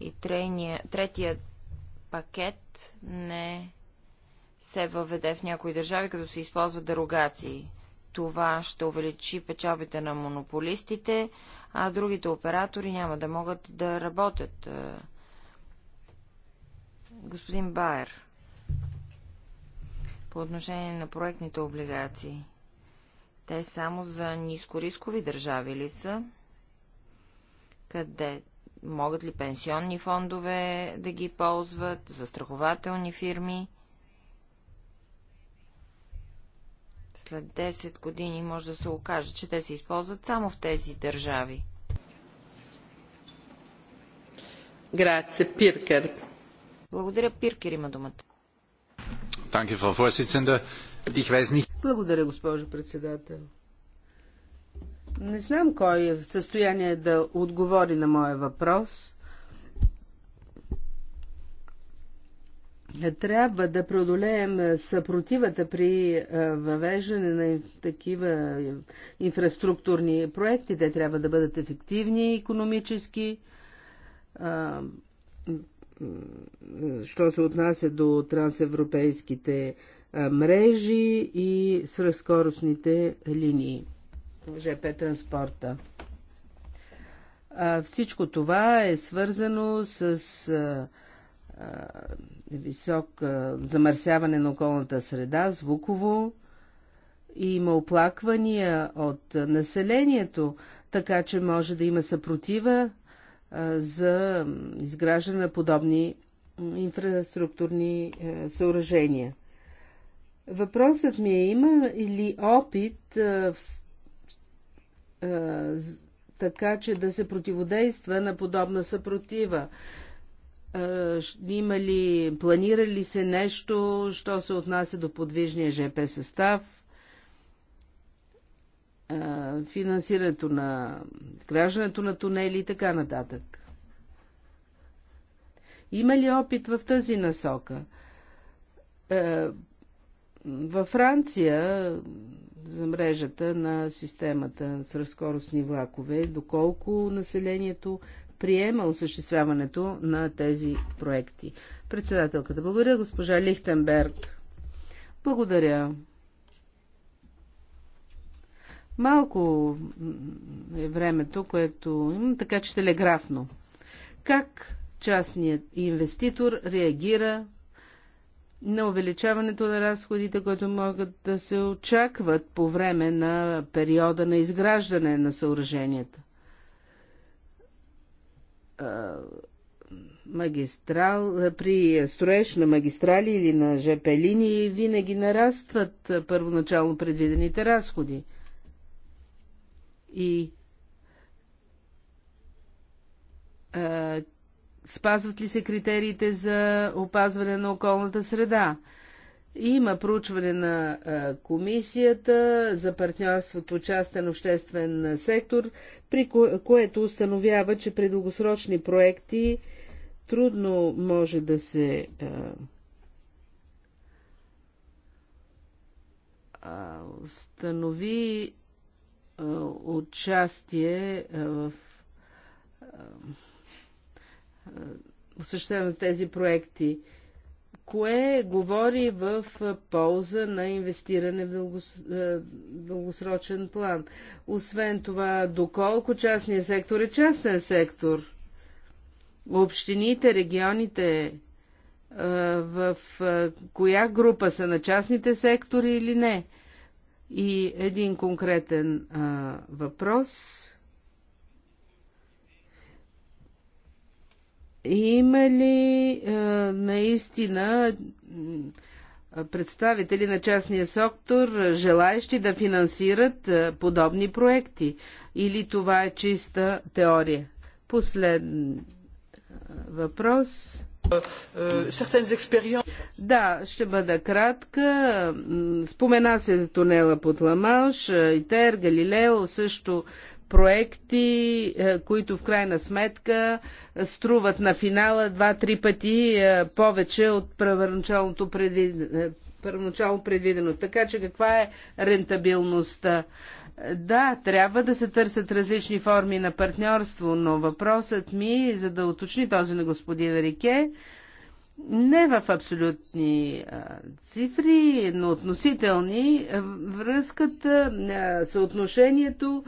и третият третия пакет не се въведе в някои държави, като се използват дерогации. Това ще увеличи печалбите на монополистите, а другите оператори няма да могат да работят. Е, господин Байер, по отношение на проектните облигации, те само за нискорискови държави ли са? Къде могат ли пенсионни фондове да ги ползват, застрахователни фирми. След 10 години може да се окаже, че те се използват само в тези държави. Грация, Пиркер. Благодаря, Пиркер има думата. Благодаря, госпожо председател. Не знам кой е в състояние да отговори на моя въпрос. Трябва да преодолеем е, съпротивата при е, въвеждане на такива е, инфраструктурни проекти. Те трябва да бъдат ефективни економически. Що се отнася до трансевропейските мрежи и свръхскоростните линии. ЖП транспорта. всичко това е свързано с а, а, висок а, замърсяване на околната среда, звуково, и има оплаквания от населението, така че може да има съпротива а, за изграждане на подобни инфраструктурни а, съоръжения. Въпросът ми е, има ли опит а, в така че да се противодейства на подобна съпротива? Има ли, планира ли се нещо, що се отнася до подвижния ЖП състав? финансирането на изграждането на тунели и така нататък. Има ли опит в тази насока? Във Франция за мрежата на системата с разкоростни влакове, доколко населението приема осъществяването на тези проекти. Председателката, благодаря госпожа Лихтенберг. Благодаря. Малко е времето, което имам, така че телеграфно. Как частният инвеститор реагира на увеличаването на разходите, които могат да се очакват по време на периода на изграждане на съоръженията. Магистрал, при строеж на магистрали или на ЖП линии винаги нарастват първоначално предвидените разходи. И спазват ли се критериите за опазване на околната среда. Има проучване на комисията за партньорството частен обществен сектор, при което установява, че при дългосрочни проекти трудно може да се установи участие в а, е, осъществяваме тези проекти. Кое говори в полза на инвестиране в дългос... Е, дългосрочен план? Освен това, доколко частния сектор е частен сектор? Общините, регионите, е, в коя група са на частните сектори или не? И един конкретен въпрос – Има ли а, е, наистина представители на частния сектор, желаещи да финансират а, е, подобни проекти? Или това е чиста теория? Последен е, въпрос. Да, ще бъда кратка. Спомена се за тунела под Ламалш, Итер, Галилео също проекти, е, които в крайна сметка струват на финала два-три пъти е, повече от първоначалното предвидено, първоначално предвидено. Така че каква е рентабилността? Да, трябва да се търсят различни форми на партньорство, но въпросът ми, за да уточни този на господин Рике, не в абсолютни а, цифри, но относителни, е, връзката, а, съотношението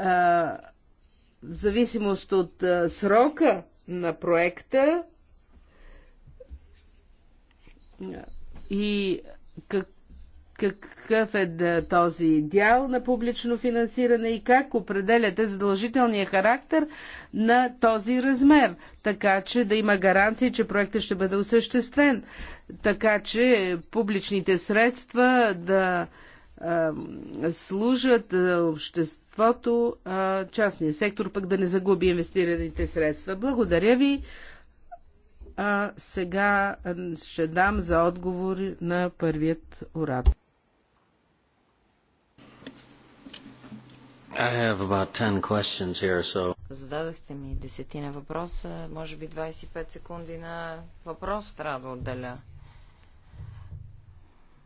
в зависимост от срока на проекта и как, какъв е този дял на публично финансиране и как определяте задължителния характер на този размер, така че да има гаранции, че проектът ще бъде осъществен, така че публичните средства да служат обществото обществото, а частния сектор пък да не загуби инвестираните средства. Благодаря ви. А сега ще дам за отговор на първият оратор. Here, so... Зададахте ми десетина въпроса, може би 25 секунди на въпрос трябва да отделя.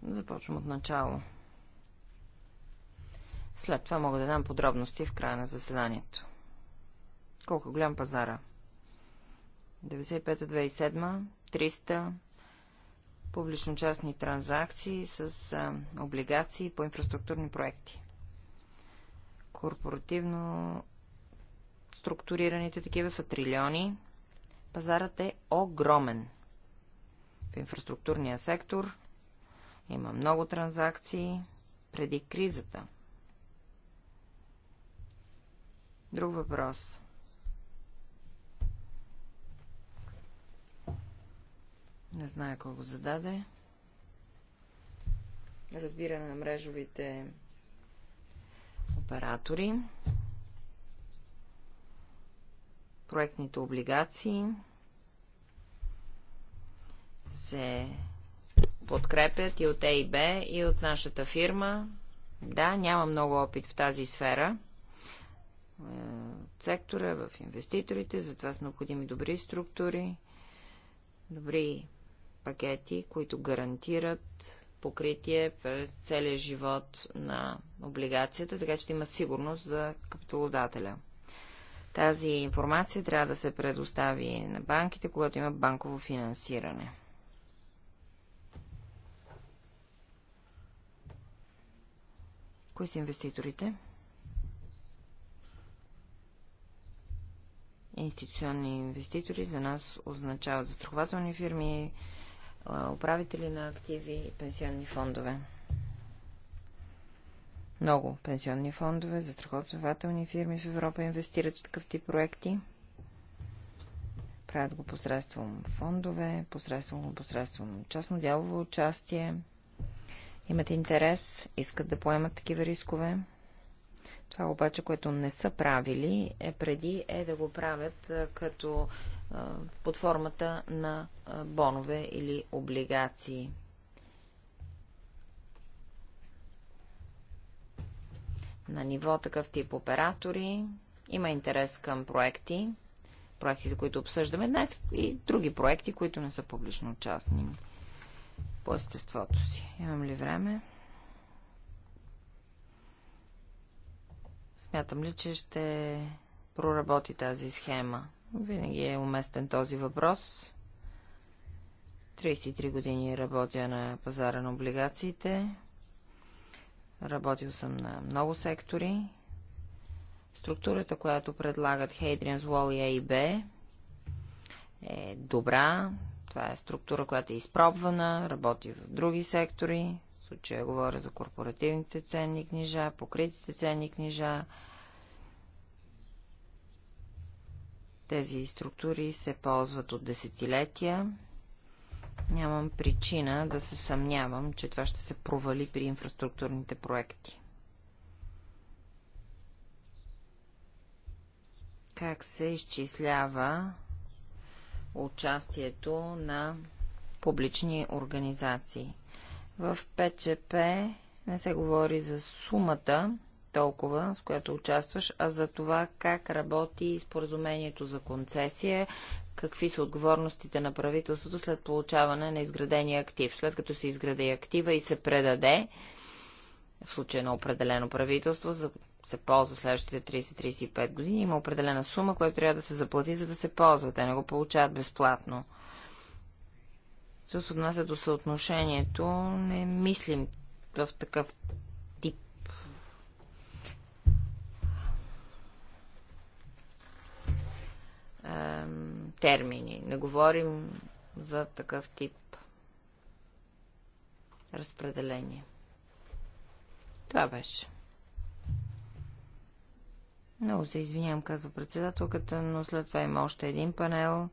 Започвам от начало. След това мога да дам подробности в края на заседанието. Колко голям пазара? 95-2007, 300 публично-частни транзакции с а, облигации по инфраструктурни проекти. Корпоративно структурираните такива са трилиони. Пазарът е огромен. В инфраструктурния сектор има много транзакции преди кризата – Друг въпрос. Не знае кой го зададе. Разбиране на мрежовите оператори. Проектните облигации се подкрепят и от ЕИБ, и от нашата фирма. Да, няма много опит в тази сфера. Е, сектора, в инвеститорите, затова са необходими добри структури, добри пакети, които гарантират покритие през целия живот на облигацията, така че има сигурност за капиталодателя. Тази информация трябва да се предостави на банките, когато има банково финансиране. Кои са инвеститорите? институционни инвеститори за нас означават застрахователни фирми, управители на активи и пенсионни фондове. Много пенсионни фондове, застрахователни фирми в Европа инвестират в такъв тип проекти. Правят го посредством фондове, посредством, посредством частно дялово участие. Имат интерес, искат да поемат такива рискове. Това обаче, което не са правили е преди е да го правят като под формата на бонове или облигации. На ниво такъв тип оператори има интерес към проекти, проектите, които обсъждаме днес и други проекти, които не са публично-частни по естеството си. Имам ли време? Смятам ли, че ще проработи тази схема? Винаги е уместен този въпрос. 33 години работя на пазара на облигациите. Работил съм на много сектори. Структурата, която предлагат Hadrian's Wall и AIB е добра. Това е структура, която е изпробвана, работи в други сектори, случая говоря за корпоративните ценни книжа, покритите ценни книжа. Тези структури се ползват от десетилетия. Нямам причина да се съмнявам, че това ще се провали при инфраструктурните проекти. Как се изчислява участието на публични организации? В ПЧП не се говори за сумата толкова, с която участваш, а за това как работи споразумението за концесия, какви са отговорностите на правителството след получаване на изградения актив. След като се изгради актива и се предаде, в случая на определено правителство, за се ползва следващите 30-35 години, има определена сума, която трябва да се заплати, за да се ползва. Те не го получават безплатно. Що се отнася до съотношението, не мислим в такъв тип. термини. Не говорим за такъв тип разпределение. Това беше. Много се извинявам, казва председателката, но след това има още един панел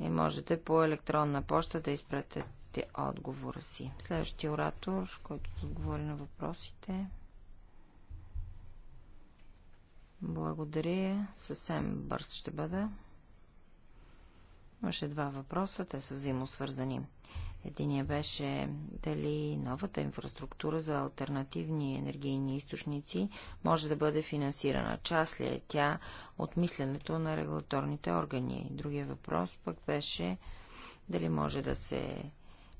и можете по електронна почта да изпратите отговора си. Следващия оратор, който отговори на въпросите. Благодаря. Съвсем бърз ще бъда. Имаше два въпроса, те са взаимосвързани. Единия беше дали новата инфраструктура за альтернативни енергийни източници може да бъде финансирана. Част ли е тя от мисленето на регулаторните органи? Другия въпрос пък беше дали може да се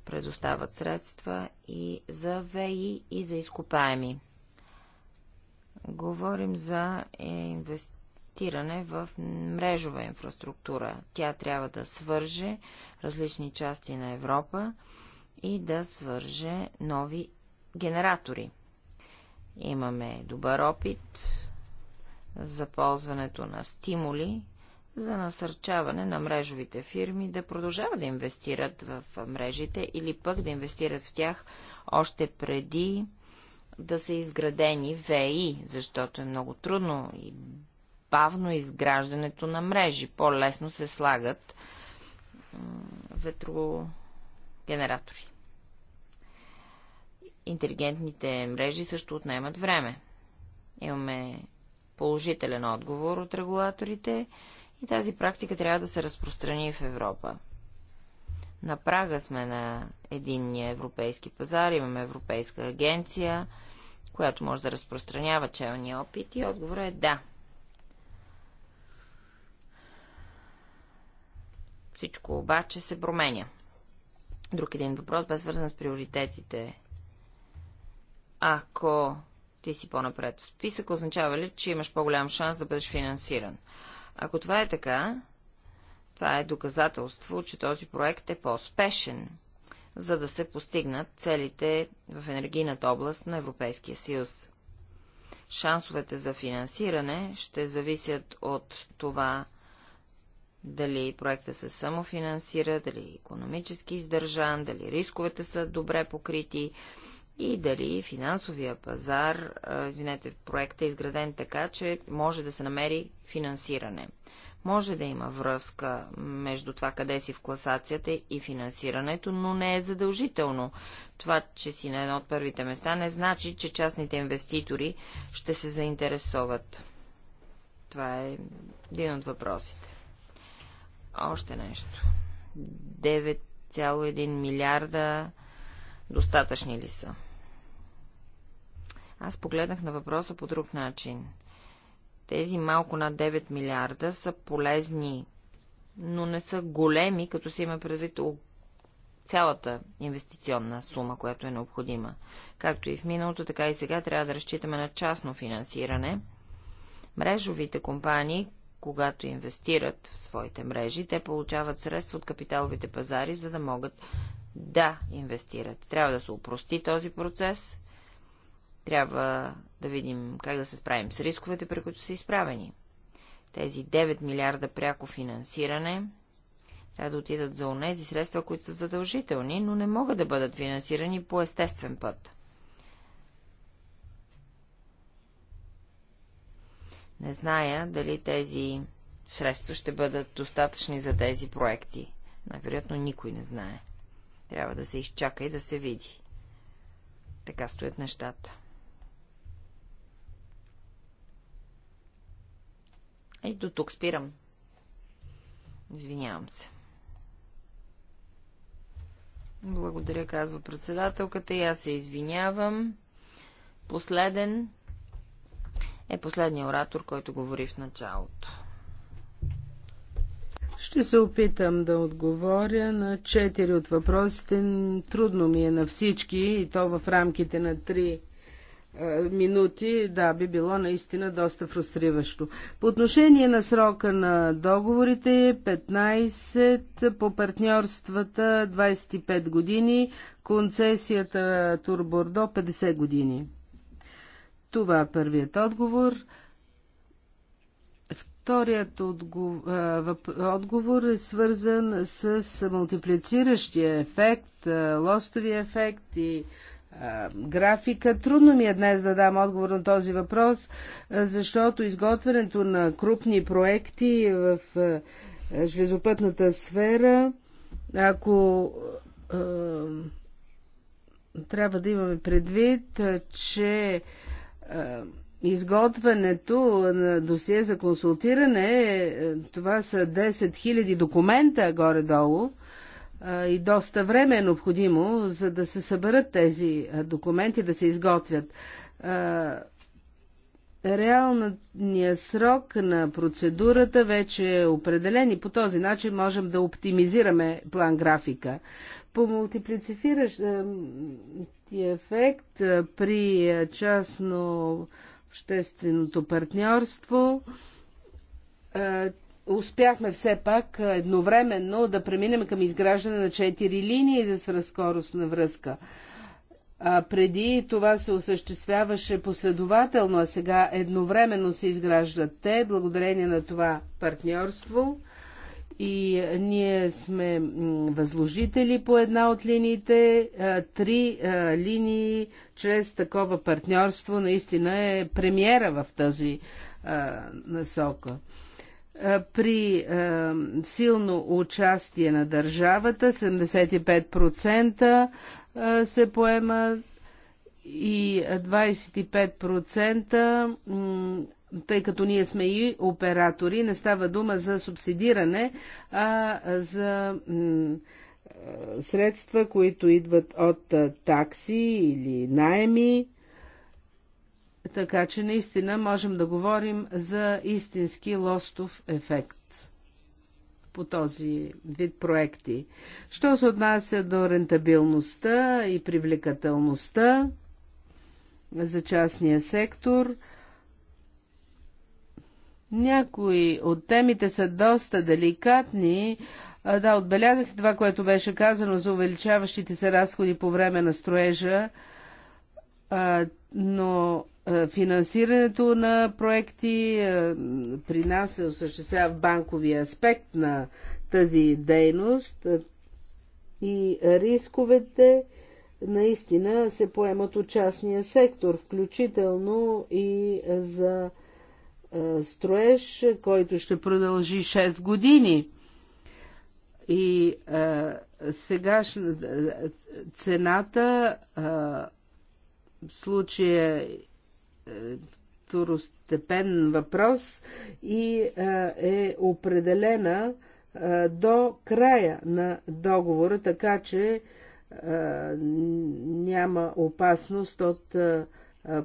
предоставят средства и за ВЕИ и за изкопаеми. Говорим за инвестиции инвестиране в мрежова инфраструктура. Тя трябва да свърже различни части на Европа и да свърже нови генератори. Имаме добър опит за ползването на стимули за насърчаване на мрежовите фирми да продължават да инвестират в мрежите или пък да инвестират в тях още преди да са изградени ВИ, защото е много трудно и бавно изграждането на мрежи. По-лесно се слагат ветрогенератори. Интелигентните мрежи също отнемат време. Имаме положителен отговор от регулаторите и тази практика трябва да се разпространи в Европа. На прага сме на единния европейски пазар, имаме Европейска агенция, която може да разпространява челния опит и отговорът е да. Всичко обаче се променя. Друг един въпрос бе свързан с приоритетите. Ако ти си по-напред в списък, означава ли, че имаш по-голям шанс да бъдеш финансиран? Ако това е така, това е доказателство, че този проект е по-успешен, за да се постигнат целите в енергийната област на Европейския съюз. Шансовете за финансиране ще зависят от това, дали проекта се самофинансира, дали е економически издържан, дали рисковете са добре покрити и дали финансовия пазар, извинете, проекта е изграден така, че може да се намери финансиране. Може да има връзка между това къде си в класацията и финансирането, но не е задължително. Това, че си на едно от първите места, не значи, че частните инвеститори ще се заинтересоват. Това е един от въпросите. Още нещо. 9,1 милиарда достатъчни ли са? Аз погледнах на въпроса по друг начин. Тези малко над 9 милиарда са полезни, но не са големи, като се има предвид цялата инвестиционна сума, която е необходима. Както и в миналото, така и сега трябва да разчитаме на частно финансиране. Мрежовите компании, когато инвестират в своите мрежи, те получават средства от капиталовите пазари, за да могат да инвестират. Трябва да се упрости този процес. Трябва да видим как да се справим с рисковете, при които са изправени. Тези 9 милиарда пряко финансиране трябва да отидат за онези средства, които са задължителни, но не могат да бъдат финансирани по естествен път. Не зная дали тези средства ще бъдат достатъчни за тези проекти. Най-вероятно никой не знае. Трябва да се изчака и да се види. Така стоят нещата. И до тук спирам. Извинявам се. Благодаря, казва председателката. И аз се извинявам. Последен е последният оратор, който говори в началото. Ще се опитам да отговоря на четири от въпросите. Трудно ми е на всички и то в рамките на три е, минути. Да, би било наистина доста фрустриващо. По отношение на срока на договорите 15, по партньорствата 25 години, концесията Турбордо 50 години. Това е първият отговор. Вторият отговор е свързан с мултиплициращия ефект, лостовия ефект и графика. Трудно ми е днес да дам отговор на този въпрос, защото изготвянето на крупни проекти в железопътната сфера, ако трябва да имаме предвид, че е, изготвянето на досие за консултиране, е, това са 10 000 документа горе-долу е, и доста време е необходимо, за да се съберат тези документи, да се изготвят. Реалният срок на процедурата вече е определен и по този начин можем да оптимизираме план графика. По мултиплицифиращ и ефект при частно общественото партньорство. Успяхме все пак едновременно да преминем към изграждане на четири линии за свръхскоростна връзка. А преди това се осъществяваше последователно, а сега едновременно се изграждат те, благодарение на това партньорство и е, ние сме възложители по една от линиите. Е, три е, линии чрез такова партньорство наистина е премиера в тази насока. При силно участие на държавата 75% се поема и 25% тъй като ние сме и оператори, не става дума за субсидиране, а за средства, които идват от такси или найеми. Така че наистина можем да говорим за истински лостов ефект по този вид проекти. Що се отнася до рентабилността и привлекателността за частния сектор – някои от темите са доста деликатни. Да, отбелязах това, което беше казано за увеличаващите се разходи по време на строежа, но финансирането на проекти при нас се осъществява в банковия аспект на тази дейност и рисковете наистина се поемат от частния сектор, включително и за е, строеж, който ще продължи 6 години. И а, е, сега е, цената а, в случая второстепен въпрос и а, е определена а, до края на договора, така че а, няма опасност от а,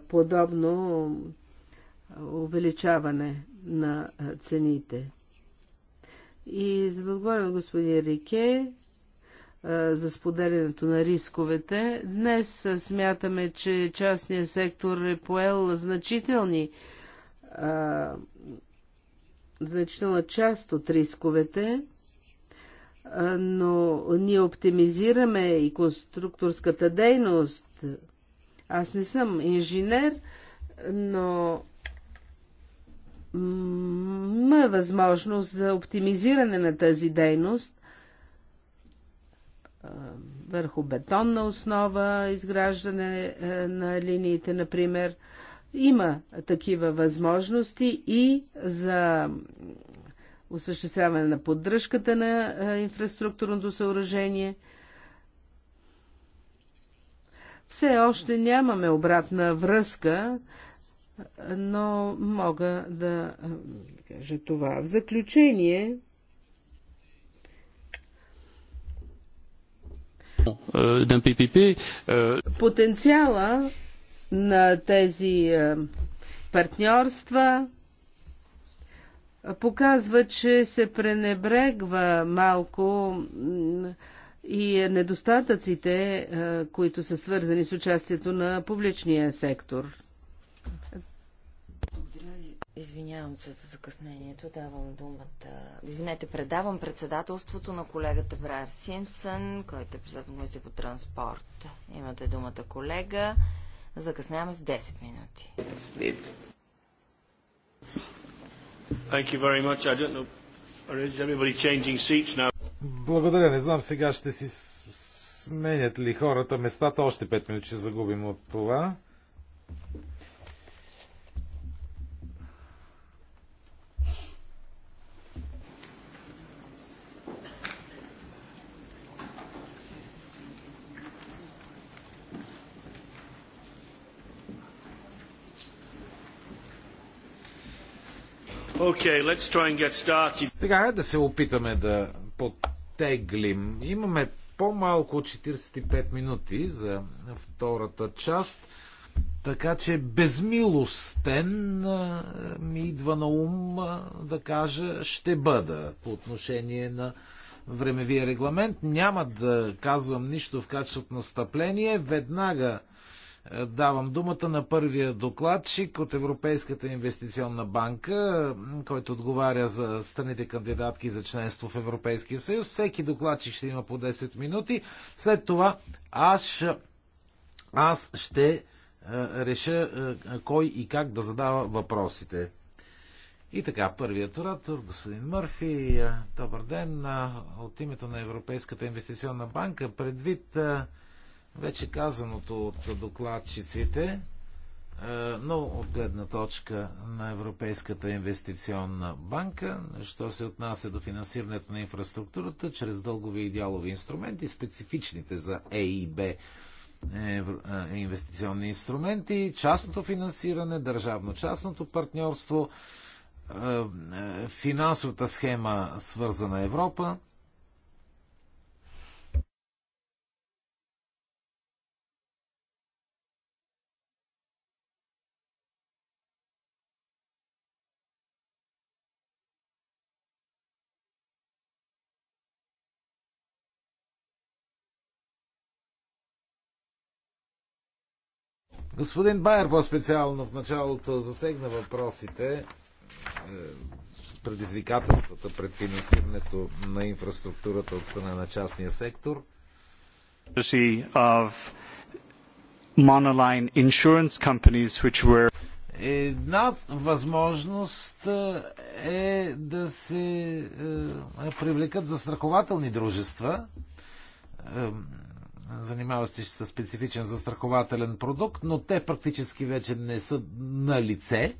подобно увеличаване на цените. И за да отговоря господин Рике за споделянето на рисковете, днес смятаме, че частният сектор е поел значителни значителна част от рисковете, но ние оптимизираме и конструкторската дейност. Аз не съм инженер, но има е възможност за оптимизиране на тази дейност върху бетонна основа, изграждане е, на линиите, например. Има такива възможности и за осъществяване на поддръжката на е, инфраструктурното съоръжение. Все още нямаме обратна връзка но мога да кажа това. В заключение. Э, потенциала на тези партньорства показва, че се пренебрегва малко и недостатъците, които са свързани с участието на публичния сектор. Извинявам се за закъснението. Давам думата. Извинете, предавам председателството на колегата Брайер Симпсън, който е председател на по транспорт. Имате думата, колега. Закъсняваме с 10 минути. Thank you very much. I don't know. Is everybody changing seats now? Благодаря. Не знам сега ще си сменят ли хората местата. Още 5 минути ще загубим от това. Okay, let's try and get started. Така, е да се опитаме да потеглим. Имаме по-малко от 45 минути за втората част. Така че безмилостен ми идва на ум да кажа ще бъда по отношение на времевия регламент. Няма да казвам нищо в качеството настъпление. Веднага Давам думата на първия докладчик от Европейската инвестиционна банка, който отговаря за страните кандидатки за членство в Европейския съюз. Всеки докладчик ще има по 10 минути. След това аз, аз ще е, реша е, кой и как да задава въпросите. И така, първият оратор, господин Мърфи, е, добър ден от името на Европейската инвестиционна банка. Предвид вече казаното от докладчиците, е, но от гледна точка на Европейската инвестиционна банка, що се отнася до финансирането на инфраструктурата чрез дългови и дялови инструменти, специфичните за Е и Б е, е, инвестиционни инструменти, частното финансиране, държавно-частното партньорство, финансовата схема свързана Европа, Господин Байер по-специално в началото засегна въпросите, е, предизвикателствата пред финансирането на инфраструктурата от страна на частния сектор. Една възможност е, е да се е, привлекат застрахователни дружества занимаващи се с специфичен застрахователен продукт, но те практически вече не са на лице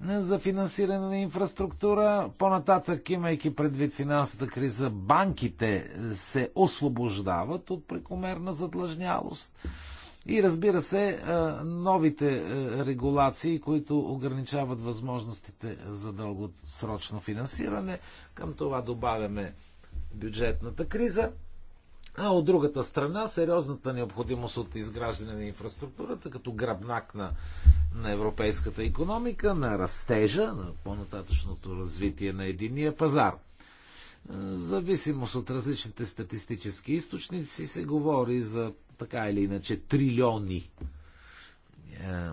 за финансиране на инфраструктура. По-нататък, имайки предвид финансовата криза, банките се освобождават от прекомерна задлъжнялост. И разбира се, новите регулации, които ограничават възможностите за дългосрочно финансиране. Към това добавяме бюджетната криза. А от другата страна, сериозната необходимост от изграждане на инфраструктурата като гръбнак на, на европейската економика, на растежа, на по-нататъчното развитие на единия пазар. В е, зависимост от различните статистически източници се говори за така или иначе трилиони е,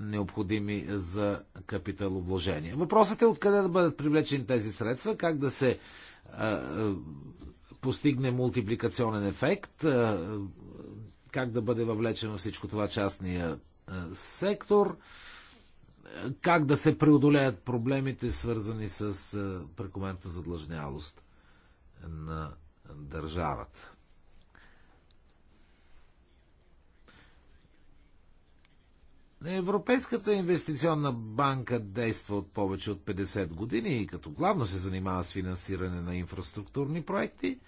необходими за капиталовложения. Въпросът е откъде да бъдат привлечени тези средства, как да се постигне мултипликационен ефект, как да бъде въвлечено всичко това частния сектор, как да се преодолеят проблемите, свързани с прекомерната задлъжнялост на държавата. Европейската инвестиционна банка действа от повече от 50 години и като главно се занимава с финансиране на инфраструктурни проекти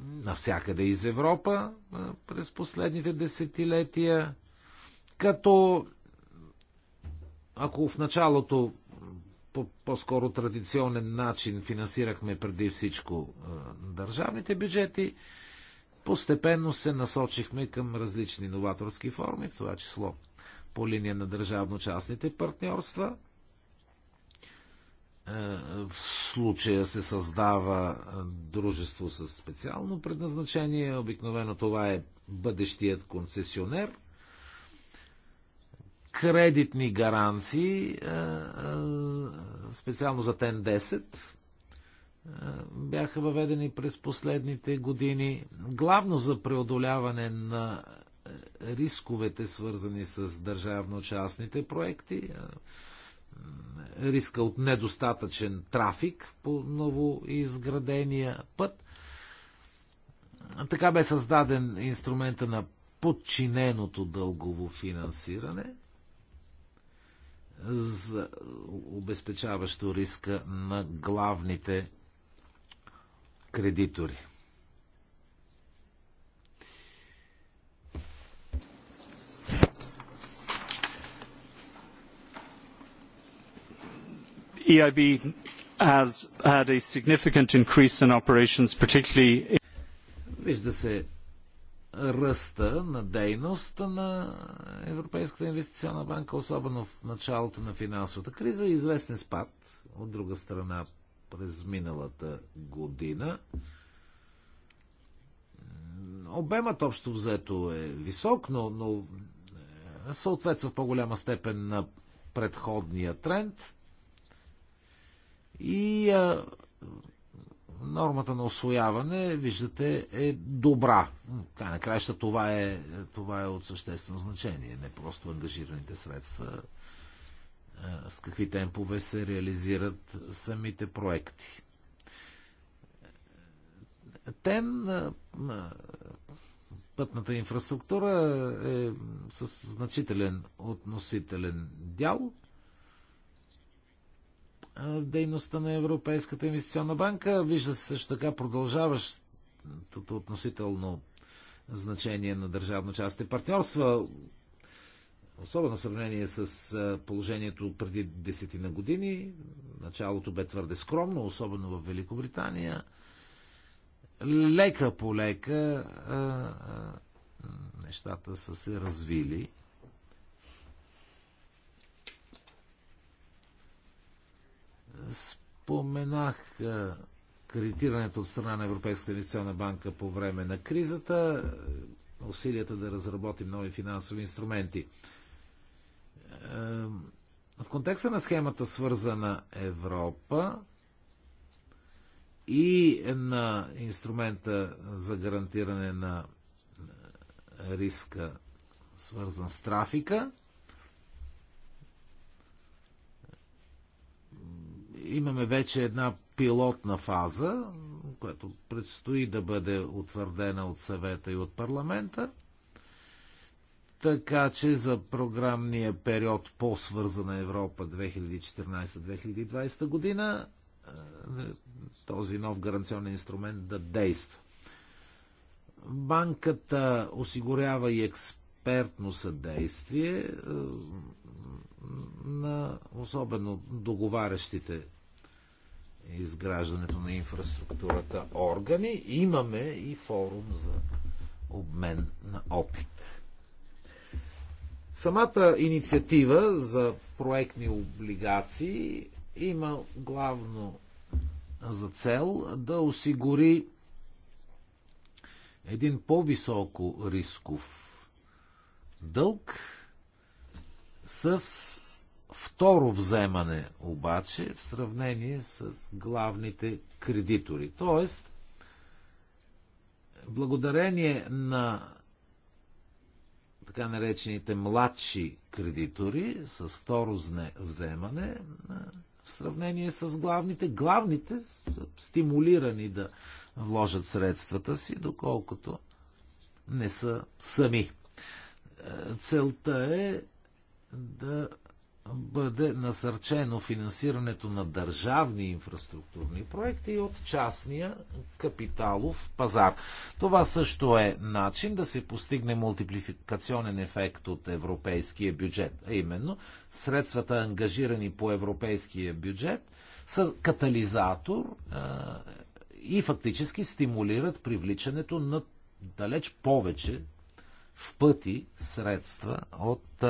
навсякъде из Европа през последните десетилетия, като ако в началото по, по-скоро традиционен начин финансирахме преди всичко държавните бюджети, постепенно се насочихме към различни новаторски форми, в това число по линия на държавно-частните партньорства. Е, в случая се създава е, дружество с специално предназначение. Обикновено това е бъдещият концесионер. Кредитни гаранции, е, специално за ТЕН 10, бяха въведени през последните години, главно за преодоляване на е, рисковете, свързани с държавно-частните проекти, е, риска от недостатъчен трафик по новоизградения път. Така бе създаден инструмента на подчиненото дългово финансиране за обезпечаващо риска на главните кредитори. EIB has had a significant increase in operations, particularly Вижда се ръста на дейността на Европейската инвестиционна банка, особено в началото на финансовата криза, и известен спад от друга страна през миналата година. Обемът общо взето е висок, но, но е, съответства в по-голяма степен на предходния тренд. И а, нормата на освояване, виждате, е добра. Край на краища това е, това е от съществено значение. Не просто ангажираните средства, с какви темпове се реализират самите проекти. ТЕН, пътната инфраструктура е с значителен относителен дял в дейността на Европейската инвестиционна банка. Вижда се също така продължаващото относително значение на държавно-частните партньорства. Особено в сравнение с положението преди десетина години. Началото бе твърде скромно, особено в Великобритания. Лека по лека нещата са се развили. Споменах кредитирането от страна на Европейската инвестиционна банка по време на кризата, усилията да разработим нови финансови инструменти. Е, в контекста на схемата свързана Европа и на инструмента за гарантиране на е, риска, свързан с трафика, имаме вече една пилотна фаза, която предстои да бъде утвърдена от съвета и от парламента. Така че за програмния период по-свързана Европа 2014-2020 година е, този нов гаранционен инструмент да действа. Банката осигурява и експертно съдействие е, на особено договарящите изграждането на инфраструктурата органи. Имаме и форум за обмен на опит. Самата инициатива за проектни облигации има главно за цел да осигури един по-високо рисков дълг с второ вземане обаче в сравнение с главните кредитори. Тоест, благодарение на така наречените младши кредитори с второ вземане в сравнение с главните. Главните са стимулирани да вложат средствата си, доколкото не са сами. Е, целта е да бъде насърчено финансирането на държавни инфраструктурни проекти и от частния капиталов пазар. Това също е начин да се постигне мултипликационен ефект от европейския бюджет, а именно средствата ангажирани по европейския бюджет са катализатор и фактически стимулират привличането на далеч повече в пъти средства от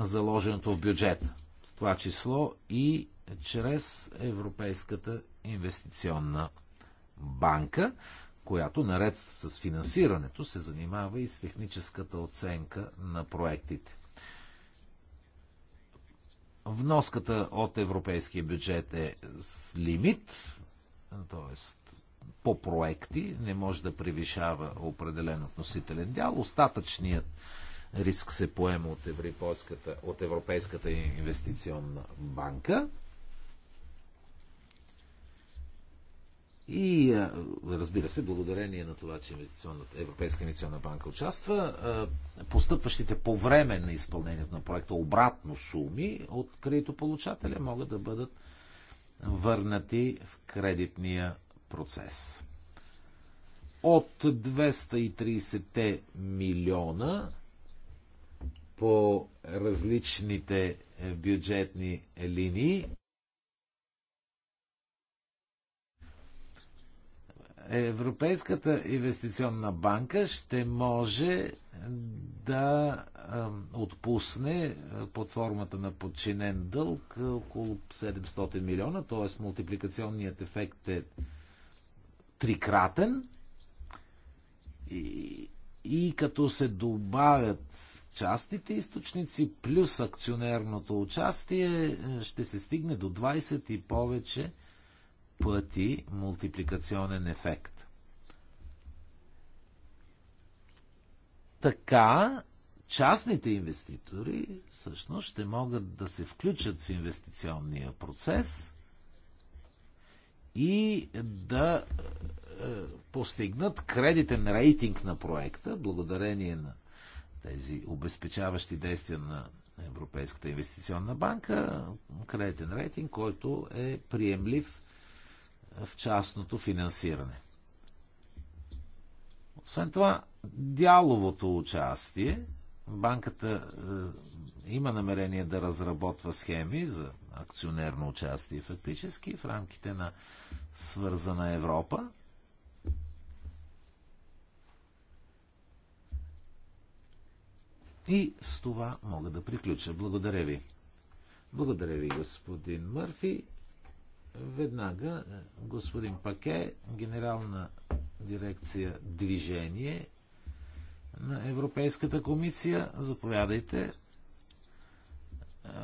заложеното в бюджета. В това число и чрез Европейската инвестиционна банка, която наред с финансирането се занимава и с техническата оценка на проектите. Вноската от европейския бюджет е с лимит, т.е. по проекти не може да превишава определен относителен дял. Остатъчният риск се поема от Европейската, от Европейската инвестиционна банка. И разбира се, благодарение на това, че инвестиционната, Европейска инвестиционна банка участва, постъпващите по време на изпълнението на проекта обратно суми от кредитополучателя могат да бъдат върнати в кредитния процес. От 230 милиона по различните е, бюджетни е, линии. Европейската инвестиционна банка ще може да е, отпусне под формата на подчинен дълг около 700 милиона, т.е. мултипликационният ефект е трикратен и, и като се добавят частните източници плюс акционерното участие е, ще се стигне до 20 и повече пъти мултипликационен ефект. Така частните инвеститори всъщност ще могат да се включат в инвестиционния процес и да е, е, постигнат кредитен рейтинг на проекта, благодарение на тези обезпечаващи действия на Европейската инвестиционна банка, кредитен рейтинг, който е приемлив в частното финансиране. Освен това, дяловото участие, банката е, има намерение да разработва схеми за акционерно участие фактически в рамките на свързана Европа, И с това мога да приключа. Благодаря ви. Благодаря ви, господин Мърфи. Веднага е, господин Паке, генерална дирекция Движение на Европейската комисия. Заповядайте. Е,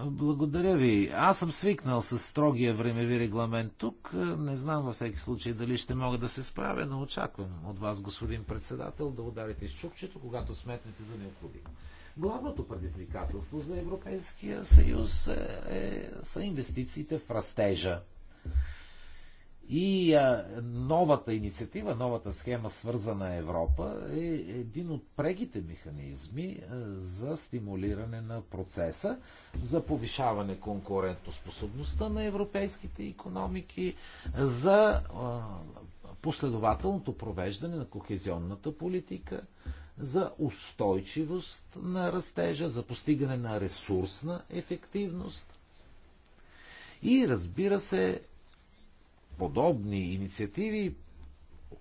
благодаря ви. Аз съм свикнал с строгия времеви регламент тук. Е, не знам във всеки случай дали ще мога да се справя, но очаквам от вас, господин председател, да ударите с чукчето, когато сметнете за необходимо. Главното предизвикателство за Европейския съюз е, е, са инвестициите в растежа. И а, новата инициатива, новата схема Свързана Европа е един от прегите механизми а, е, за стимулиране на процеса, за повишаване конкурентоспособността на европейските економики, за а, последователното провеждане на кохезионната политика, за устойчивост на растежа, за постигане на ресурсна ефективност. И разбира се, подобни инициативи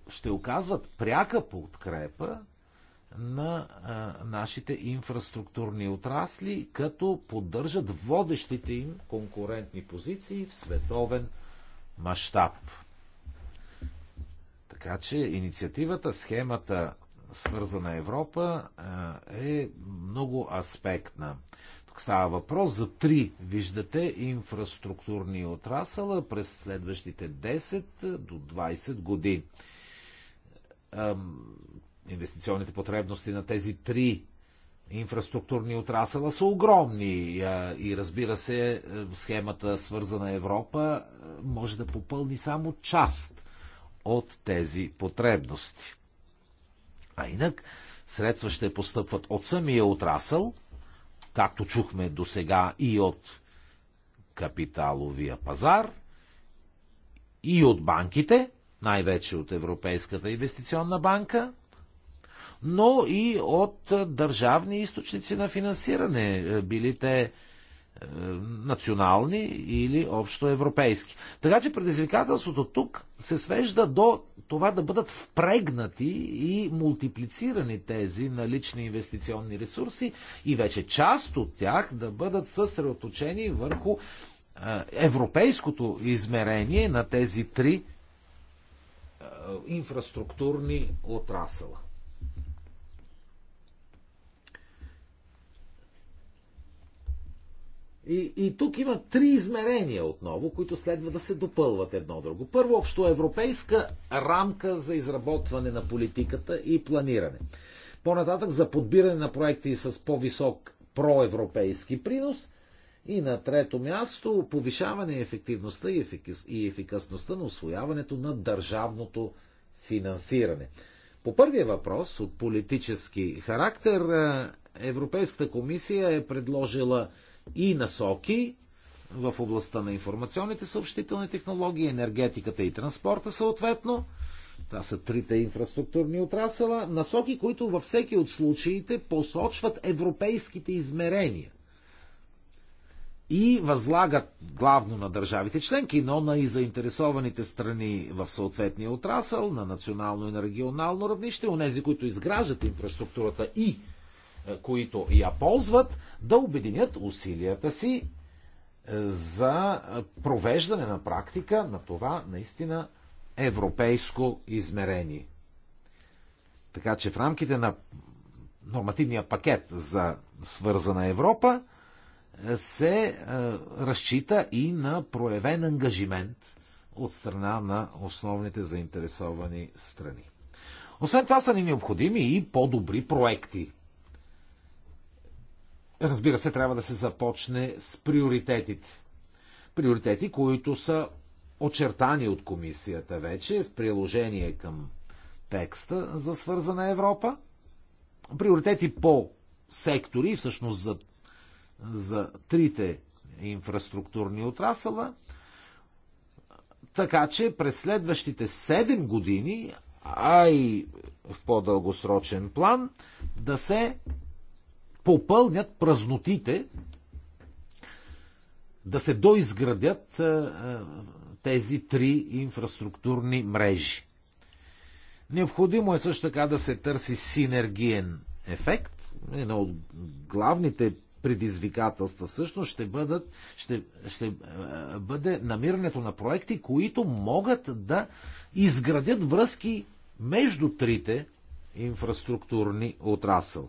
ще оказват пряка подкрепа на а, нашите инфраструктурни отрасли, като поддържат водещите им конкурентни позиции в световен мащаб. Така че инициативата, схемата свързана Европа е много аспектна. Тук става въпрос за три, виждате, инфраструктурни отрасъла през следващите 10 до 20 години. Инвестиционните потребности на тези три инфраструктурни отрасъла са огромни и разбира се, схемата свързана Европа може да попълни само част от тези потребности. А инак средства ще постъпват от самия отрасъл, както чухме до сега и от капиталовия пазар, и от банките, най-вече от Европейската инвестиционна банка, но и от държавни източници на финансиране, е, били те е, национални или общо европейски. Така че предизвикателството тук се свежда до това да бъдат впрегнати и мултиплицирани тези налични инвестиционни ресурси и вече част от тях да бъдат съсредоточени върху европейското измерение на тези три инфраструктурни отрасъла. И, и тук има три измерения отново, които следва да се допълват едно друго. Първо, общо европейска рамка за изработване на политиката и планиране. По-нататък за подбиране на проекти с по-висок проевропейски принос. И на трето място, повишаване ефективността и, ефикас, и ефикасността на освояването на държавното финансиране. По първия въпрос от политически характер, е, Европейската комисия е предложила и насоки в областта на информационните съобщителни технологии, енергетиката и транспорта съответно. Това са трите инфраструктурни отрасъла. Насоки, които във всеки от случаите посочват европейските измерения и възлагат главно на държавите членки, но на и заинтересованите страни в съответния отрасъл, на национално и на регионално равнище, у нези, които изграждат инфраструктурата и е, които я ползват, да обединят усилията си е, за провеждане на практика на това наистина европейско измерение. Така че в рамките на нормативния пакет за свързана Европа е, се разчита и на проявен ангажимент от страна на основните заинтересовани страни. Освен това са ни необходими и по-добри проекти Разбира се, трябва да се започне с приоритетите. Приоритети, които са очертани от комисията вече в приложение към текста за свързана Европа. Приоритети по сектори, всъщност за, за трите инфраструктурни отрасъла. Така че през следващите 7 години, а и в по-дългосрочен план, да се попълнят празнотите, да се доизградят тези три инфраструктурни мрежи. Необходимо е също така да се търси синергиен ефект. Едно от главните предизвикателства всъщност ще, бъдат, ще, ще бъде намирането на проекти, които могат да изградят връзки между трите инфраструктурни отрасъл.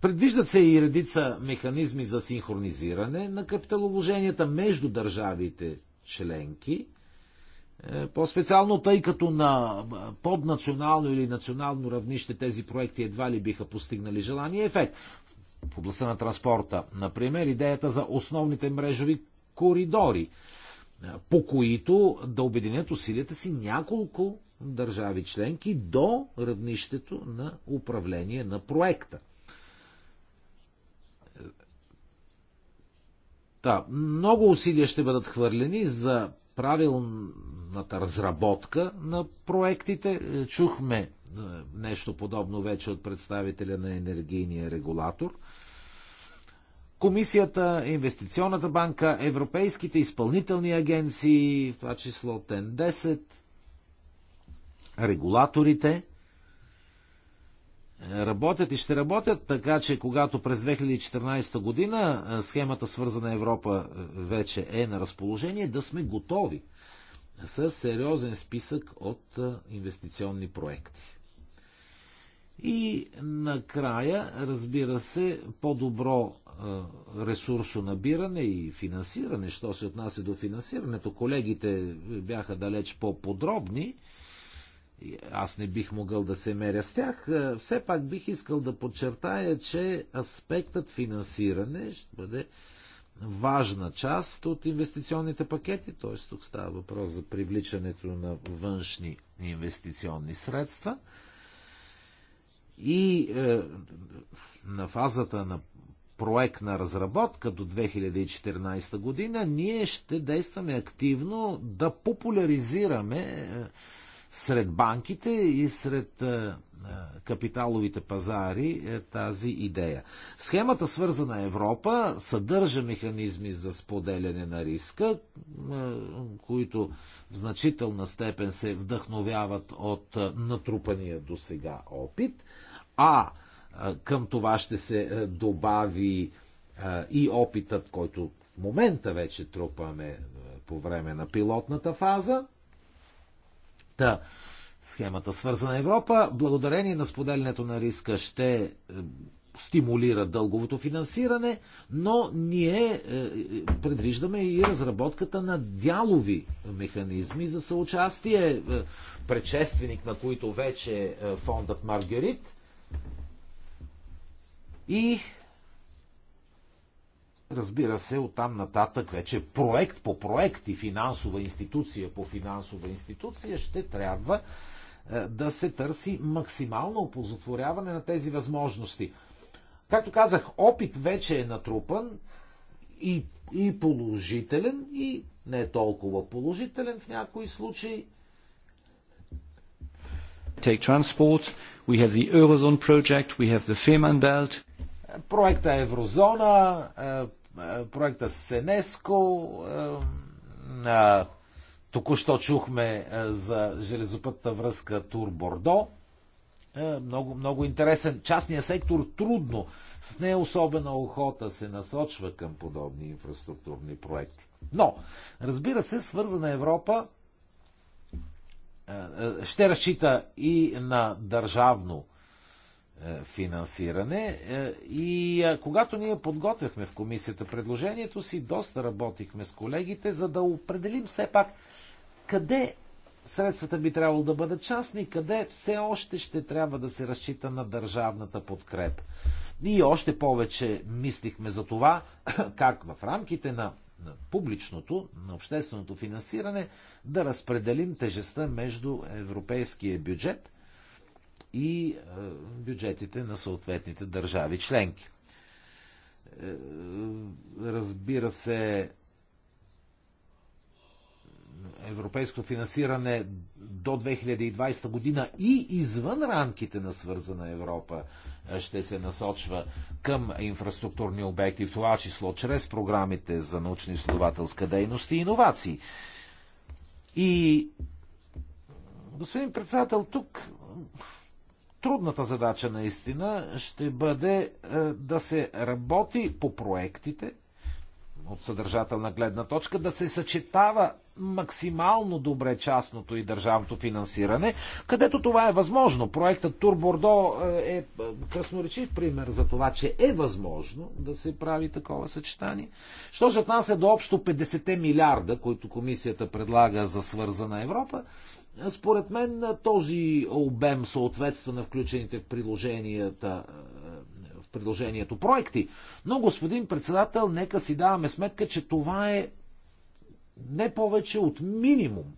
Предвиждат се и редица механизми за синхронизиране на капиталовложенията между държавите членки, е, по-специално тъй като на е, поднационално или национално равнище тези проекти едва ли биха постигнали желания ефект. В областта на транспорта, например, идеята за основните мрежови коридори, е, по които да обединят усилията си няколко държави членки до равнището на управление на проекта. Та, много усилия ще бъдат хвърлени за правилната разработка на проектите. Е, чухме е, нещо подобно вече от представителя на енергийния регулатор. Комисията, Инвестиционната банка, европейските изпълнителни агенции, в това число ТЕН-10, регулаторите – работят и ще работят така, че когато през 2014 година схемата свързана Европа вече е на разположение, да сме готови с сериозен списък от инвестиционни проекти. И накрая, разбира се, по-добро ресурсо набиране и финансиране. Що се отнася до финансирането, колегите бяха далеч по-подробни аз не бих могъл да се меря с тях, е, все пак бих искал да подчертая, че аспектът финансиране ще бъде важна част от инвестиционните пакети, т.е. тук става въпрос за привличането на външни инвестиционни средства. И е, на фазата на проект на разработка до 2014 година ние ще действаме активно да популяризираме е, сред банките и сред капиталовите пазари е тази идея. Схемата свързана Европа съдържа механизми за споделяне на риска, които в значителна степен се вдъхновяват от натрупания до сега опит, а към това ще се добави и опитът, който в момента вече трупаме по време на пилотната фаза, Та, схемата свързана Европа, благодарение на споделянето на риска, ще е, стимулира дълговото финансиране, но ние е, е, предвиждаме и разработката на дялови механизми за съучастие, предшественик на които вече е фондът Маргарит. И Разбира се, оттам нататък вече проект по проект и финансова институция по финансова институция ще трябва е, да се търси максимално опозотворяване на тези възможности. Както казах, опит вече е натрупан и, и положителен, и не толкова положителен в някои случаи. Take transport, we have the Eurozone project, we have the Fehmarn Belt проекта Еврозона, е, е, проекта Сенеско, е, току-що чухме за железопътна връзка Тур-Бордо. Много, много интересен. Частният сектор трудно, с не особена охота се насочва към подобни инфраструктурни проекти. Но, разбира се, свързана Европа ще разчита и на държавно е, финансиране. Е, и е, когато ние подготвяхме в комисията предложението си, доста работихме с колегите, за да определим все пак къде средствата би трябвало да бъдат частни, къде все още ще трябва да се разчита на държавната подкреп. Ние още повече мислихме за това, как в рамките на, на публичното, на общественото финансиране, да разпределим тежестта между европейския бюджет – и е, бюджетите на съответните държави членки. Е, разбира се, европейско финансиране до 2020 година и извън рамките на свързана Европа е, ще се насочва към инфраструктурни обекти, в това число чрез програмите за научно-изследователска дейност и иновации. И, господин председател, тук трудната задача наистина ще бъде е, да се работи по проектите, от съдържателна гледна точка, да се съчетава максимално добре частното и държавното финансиране, където това е възможно. Проектът Тур Бордо е, е красноречив пример за това, че е възможно да се прави такова съчетание. Що се отнася до общо 50 милиарда, които комисията предлага за свързана Европа, според мен този обем съответства на включените в приложенията е, в приложението проекти. Но, господин председател, нека си даваме сметка, че това е не повече от минимум.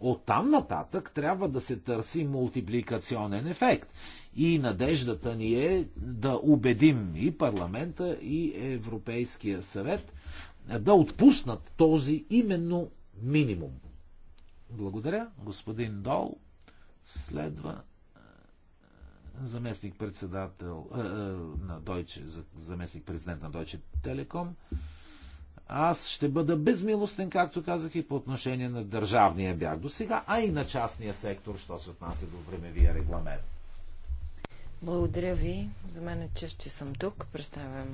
От там нататък трябва да се търси мултипликационен ефект. И надеждата ни е да убедим и парламента, и Европейския съвет да отпуснат този именно минимум. Благодаря. Господин Дол следва е, заместник председател е, е, на Дойче, заместник президент на Дойче Телеком. Аз ще бъда безмилостен, както казах, и по отношение на държавния бяг до сега, а и на частния сектор, що се отнася до времевия регламент. Благодаря ви. За мен е чест, че съм тук. Представям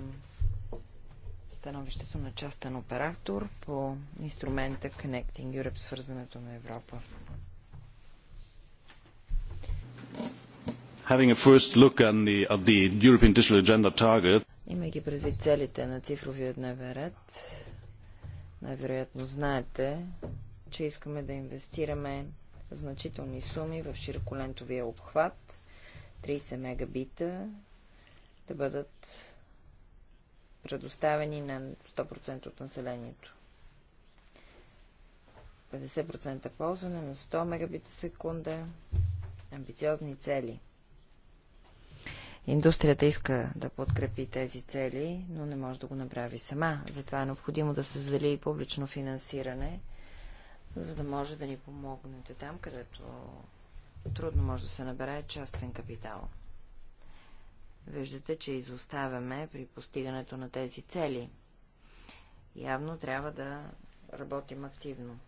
становището на частен оператор по инструмента Connecting Europe, свързането на Европа. Having a first look on the, at the European Digital Agenda target, Имайки предвид целите на цифровия дневен ред, най-вероятно знаете, че искаме да инвестираме значителни суми в широколентовия обхват, 30 мегабита, да бъдат предоставени на 100% от населението. 50% ползване на 100 мегабита секунда. Амбициозни цели. Индустрията иска да подкрепи тези цели, но не може да го направи сама. Затова е необходимо да се задели и публично финансиране, за да може да ни помогнете там, където трудно може да се набере частен капитал. Виждате, че изоставяме при постигането на тези цели. Явно трябва да работим активно.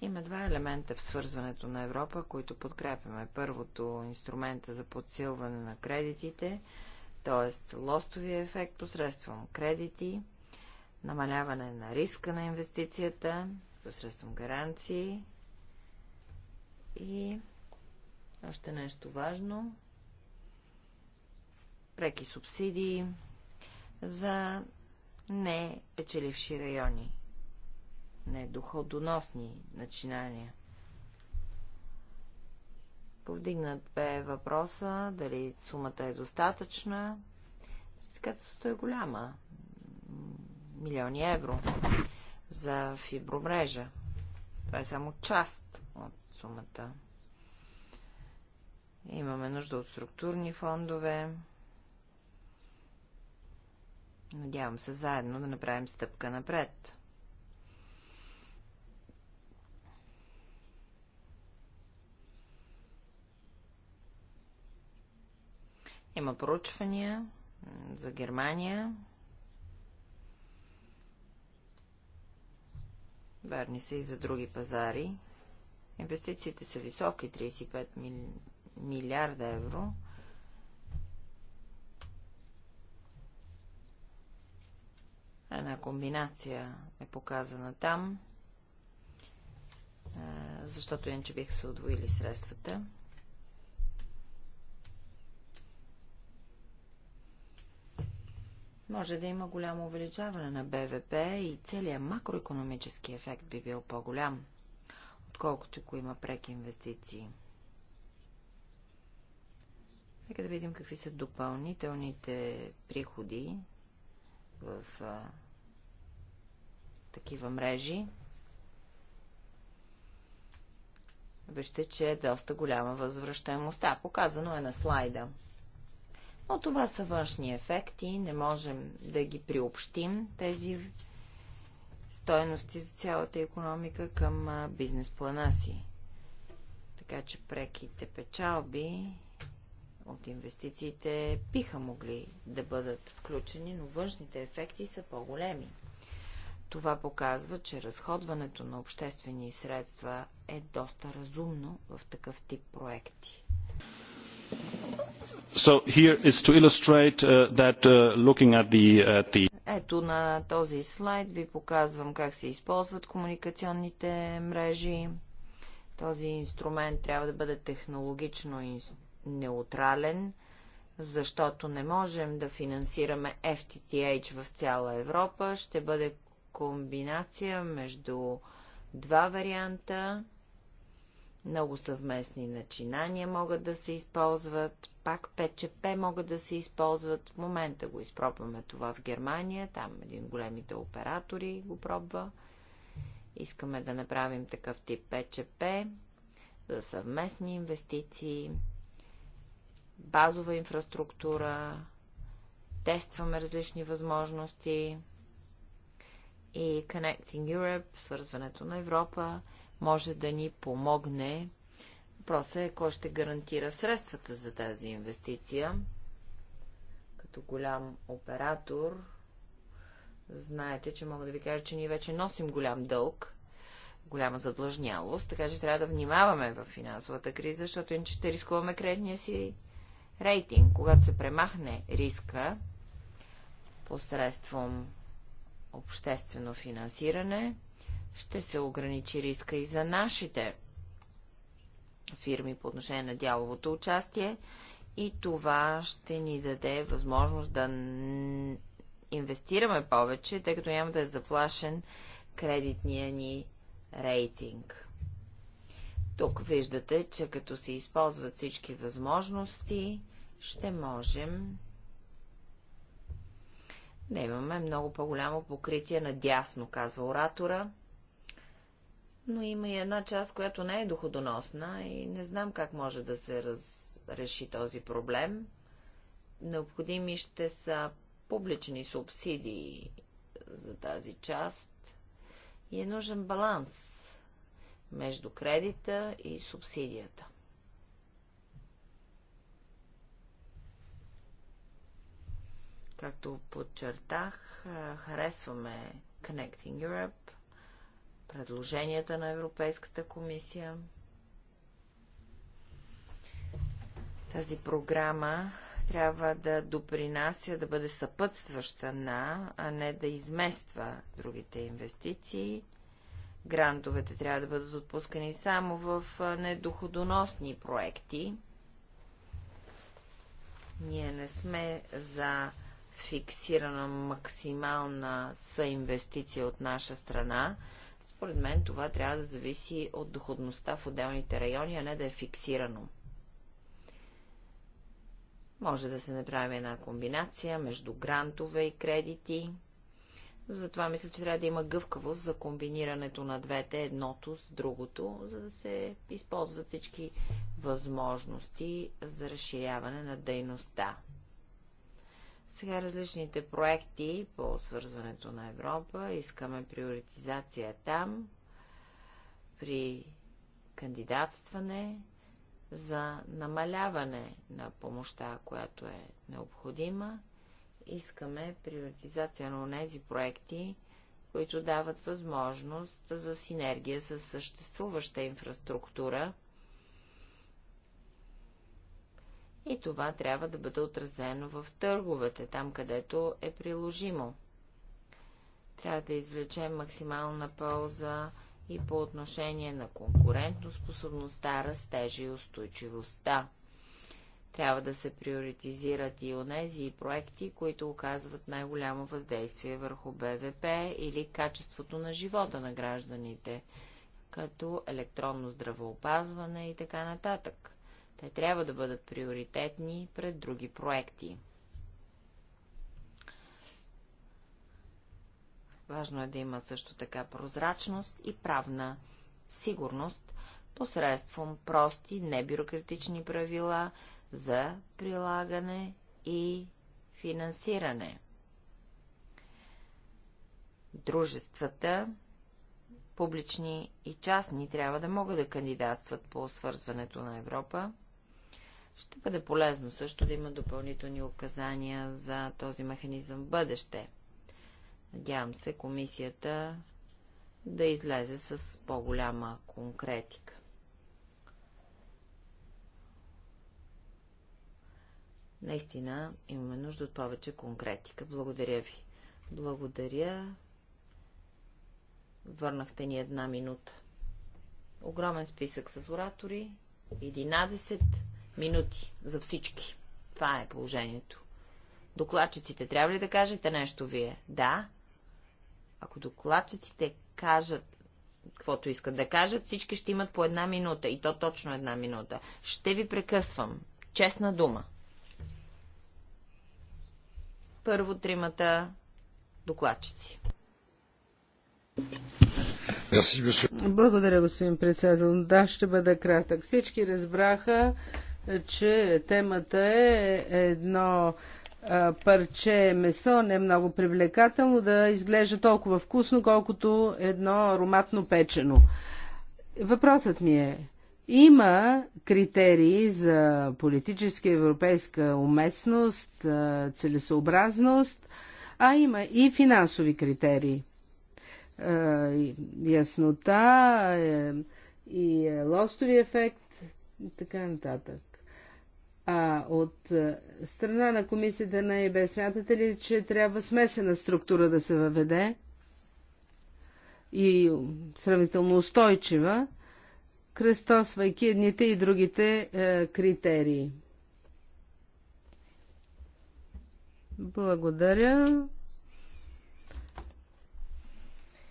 Има два елемента в свързването на Европа, които подкрепяме. Първото – инструмента за подсилване на кредитите, т.е. лостовия ефект посредством кредити, намаляване на риска на инвестицията, посредством гаранции и още нещо важно преки субсидии за не печеливши райони, доходоносни начинания. Повдигнат бе въпроса дали сумата е достатъчна. Предсказателството е голяма. Милиони евро за фибромрежа. Това е само част от сумата. Имаме нужда от структурни фондове, Надявам се заедно да направим стъпка напред. Има проучвания за Германия. Верни са и за други пазари. Инвестициите са високи 35 милиарда евро. Една комбинация е показана там, защото иначе бих се отвоили средствата. Може да има голямо увеличаване на БВП и целият макроекономически ефект би бил по-голям, отколкото ако има преки инвестиции. Нека да видим какви са допълнителните приходи в такива мрежи, вижте, че е доста голяма възвръщаемостта. Показано е на слайда. Но това са външни ефекти, не можем да ги приобщим, тези стоености за цялата економика към бизнес плана си. Така че преките печалби от инвестициите биха могли да бъдат включени, но външните ефекти са по-големи. Това показва, че разходването на обществени средства е доста разумно в такъв тип проекти. So here is to illustrate uh, that uh, looking at the, at the... Ето на този слайд ви показвам как се използват комуникационните мрежи. Този инструмент трябва да бъде технологично неутрален, защото не можем да финансираме FTTH в цяла Европа. Ще бъде комбинация между два варианта. Много съвместни начинания могат да се използват, пак ПЧП могат да се използват. В момента го изпробваме това в Германия, там един големите оператори го пробва. Искаме да направим такъв тип ПЧП за съвместни инвестиции, базова инфраструктура, тестваме различни възможности и Connecting Europe, свързването на Европа, може да ни помогне. Въпросът е кой ще гарантира средствата за тази инвестиция. Като голям оператор, знаете, че мога да ви кажа, че ние вече носим голям дълг, голяма задлъжнялост, така че трябва да внимаваме в финансовата криза, защото иначе ще рискуваме кредния си рейтинг. Когато се премахне риска посредством обществено финансиране, ще се ограничи риска и за нашите фирми по отношение на дяловото участие и това ще ни даде възможност да инвестираме повече, тъй като няма да е заплашен кредитния ни рейтинг. Тук виждате, че като се използват всички възможности, ще можем не имаме много по-голямо покритие на дясно, казва оратора. Но има и една част, която не е доходоносна и не знам как може да се разреши този проблем. Необходими ще са публични субсидии за тази част и е нужен баланс между кредита и субсидията. Както подчертах, харесваме Connecting Europe, предложенията на Европейската комисия. Тази програма трябва да допринася, да бъде съпътстваща на, а не да измества другите инвестиции. Грантовете трябва да бъдат отпускани само в недоходоносни проекти. Ние не сме за фиксирана максимална съинвестиция от наша страна, според мен това трябва да зависи от доходността в отделните райони, а не да е фиксирано. Може да се направи една комбинация между грантове и кредити. Затова мисля, че трябва да има гъвкавост за комбинирането на двете, едното с другото, за да се използват всички възможности за разширяване на дейността. Сега различните проекти по свързването на Европа, искаме приоритизация там, при кандидатстване за намаляване на помощта, която е необходима. Искаме приоритизация на тези проекти, които дават възможност за синергия с съществуваща инфраструктура – и това трябва да бъде отразено в търговете, там където е приложимо. Трябва да извлечем максимална полза и по отношение на конкурентоспособността, растежа и устойчивостта. Трябва да се приоритизират и онези и проекти, които оказват най-голямо въздействие върху БВП или качеството на живота на гражданите, като електронно здравеопазване и така нататък. Те трябва да бъдат приоритетни пред други проекти. Важно е да има също така прозрачност и правна сигурност посредством прости, небюрократични правила за прилагане и финансиране. Дружествата, публични и частни, трябва да могат да кандидатстват по свързването на Европа ще бъде полезно също да има допълнителни указания за този механизъм в бъдеще. Надявам се комисията да излезе с по-голяма конкретика. Наистина имаме нужда от повече конкретика. Благодаря ви. Благодаря. Върнахте ни една минута. Огромен списък с оратори. 11 минути за всички. Това е положението. Докладчиците трябва ли да кажете нещо вие? Да. Ако докладчиците кажат каквото искат да кажат, всички ще имат по една минута. И то точно една минута. Ще ви прекъсвам. Честна дума. Първо тримата докладчици. Благодаря, господин председател. Да, ще бъда кратък. Всички разбраха че темата е едно парче месо, не много привлекателно, да изглежда толкова вкусно, колкото едно ароматно печено. Въпросът ми е, има критерии за политическа европейска уместност, целесообразност, а има и финансови критерии. Яснота е, и е лостови ефект и така нататък. А от страна на комисията на ЕБ смятате ли, че трябва смесена структура да се въведе и сравнително устойчива, кръстосвайки едните и другите е, критерии? Благодаря.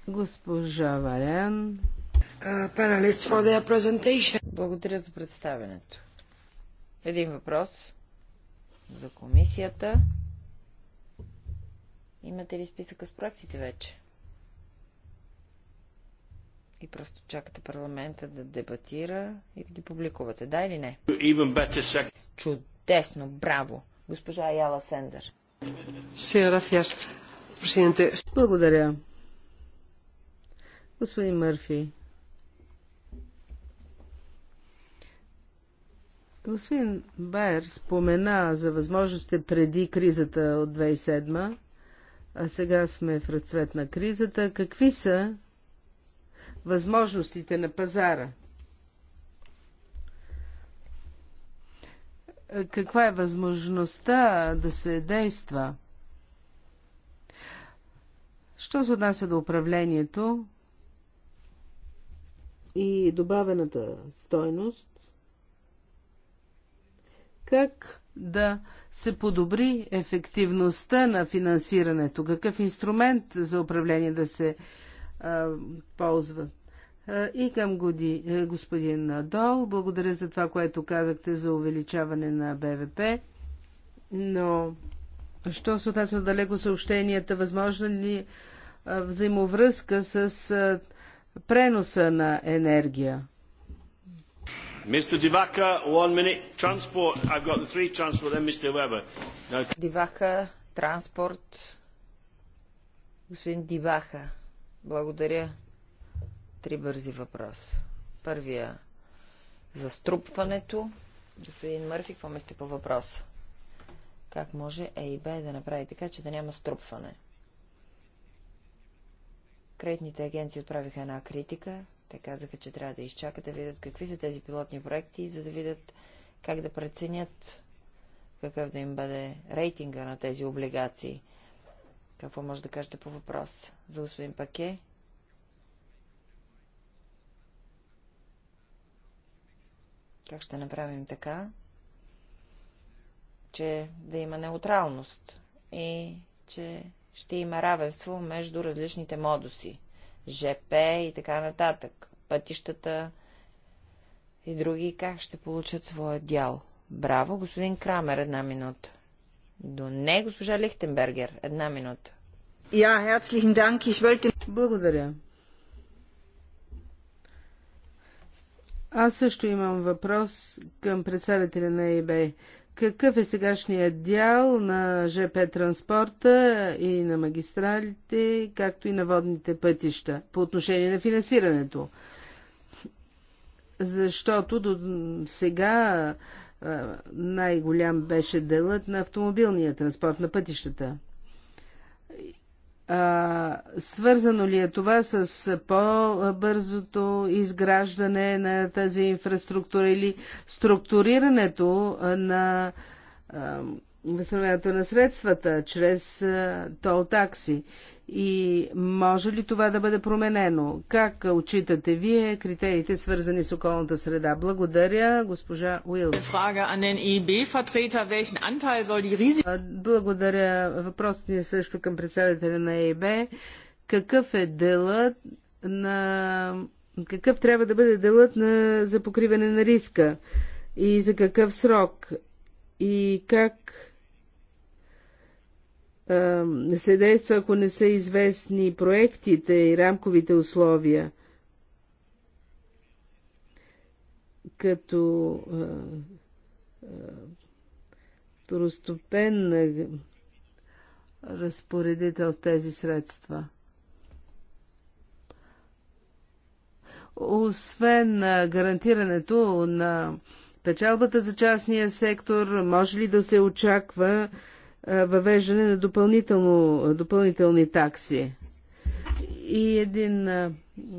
Госпожа Валян. Uh, Благодаря за представенето. Един въпрос за комисията. Имате ли списъка с проектите вече? И просто чакате парламента да дебатира и да ги публикувате, да или не? Чудесно, браво! Госпожа Яла Сендър. Благодаря. Господин Мърфи, Господин Байер спомена за възможностите преди кризата от 2007, а сега сме в разцвет на кризата. Какви са възможностите на пазара? Каква е възможността да се действа? Що се отнася до управлението и добавената стойност – как да се подобри ефективността на финансирането, какъв инструмент за управление да се а, ползва. А, и към годи, е, господин Дол, благодаря за това, което казахте за увеличаване на БВП, но що се отнася от далеко съобщенията, възможно ли а, взаимовръзка с а, преноса на енергия? Mr. one minute. Transport. I've got the three transport, then Mr. Weber. No. транспорт. Господин Диваха, благодаря. Три бързи въпроса. Първия за струпването. Господин Мърфи, какво сте по въпроса? Как може ЕИБ да направи така, че да няма струпване? Кредитните агенции отправиха една критика, те казаха, че трябва да изчакат да видят какви са тези пилотни проекти, за да видят как да преценят какъв да им бъде рейтинга на тези облигации. Какво може да кажете по въпрос за господин Паке? Как ще направим така, че да има неутралност и че ще има равенство между различните модуси? ЖП и така нататък, пътищата и други, как ще получат своя дял. Браво, господин Крамер, една минута. До не, госпожа Лихтенбергер, една минута. Ja, herzlichen Dank. Ich wollte... Благодаря. Аз също имам въпрос към представителя на ЕБ. Какъв е сегашният дял на ЖП транспорта и на магистралите, както и на водните пътища по отношение на финансирането? Защото до сега най-голям беше делът на автомобилния транспорт на пътищата. А, свързано ли е това с по-бързото изграждане на тази инфраструктура или структурирането на а, възстановяването на средствата чрез тол такси. И може ли това да бъде променено? Как отчитате вие критериите, свързани с околната среда? Благодаря, госпожа Уил. E благодаря. Въпросът ми е също към представителя на ЕИБ. E какъв е делът на... Какъв трябва да бъде делът на... за покриване на риска? И за какъв срок? И как е, не се действа, ако не са известни проектите и рамковите условия. Като е, е, второстопен разпоредител с тези средства. Освен гарантирането на печалбата за частния сектор, може ли да се очаква въвеждане на допълнителни такси. И един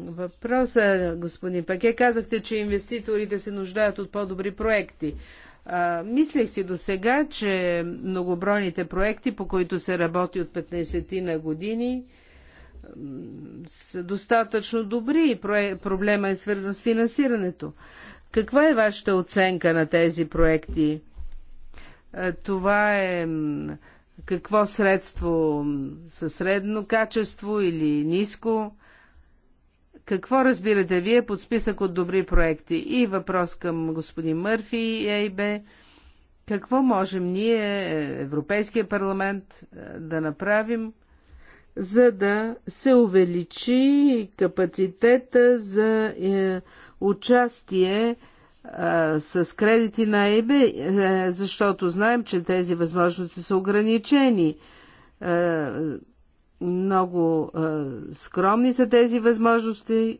въпрос, господин Паке. Казахте, че инвеститорите се нуждаят от по-добри проекти. А, мислех си до сега, че многобройните проекти, по които се работи от 15 ти на години, са достатъчно добри и проблема е свързан с финансирането. Каква е вашата оценка на тези проекти? Е, това е какво средство със средно качество или ниско. Какво разбирате вие под списък от добри проекти? И въпрос към господин Мърфи и ЕИБ. Какво можем ние, е, Европейския парламент, е, да направим, за да се увеличи капацитета за участие с кредити на ЕБ, е, защото знаем, че тези възможности са ограничени. Е, много е, скромни са тези възможности.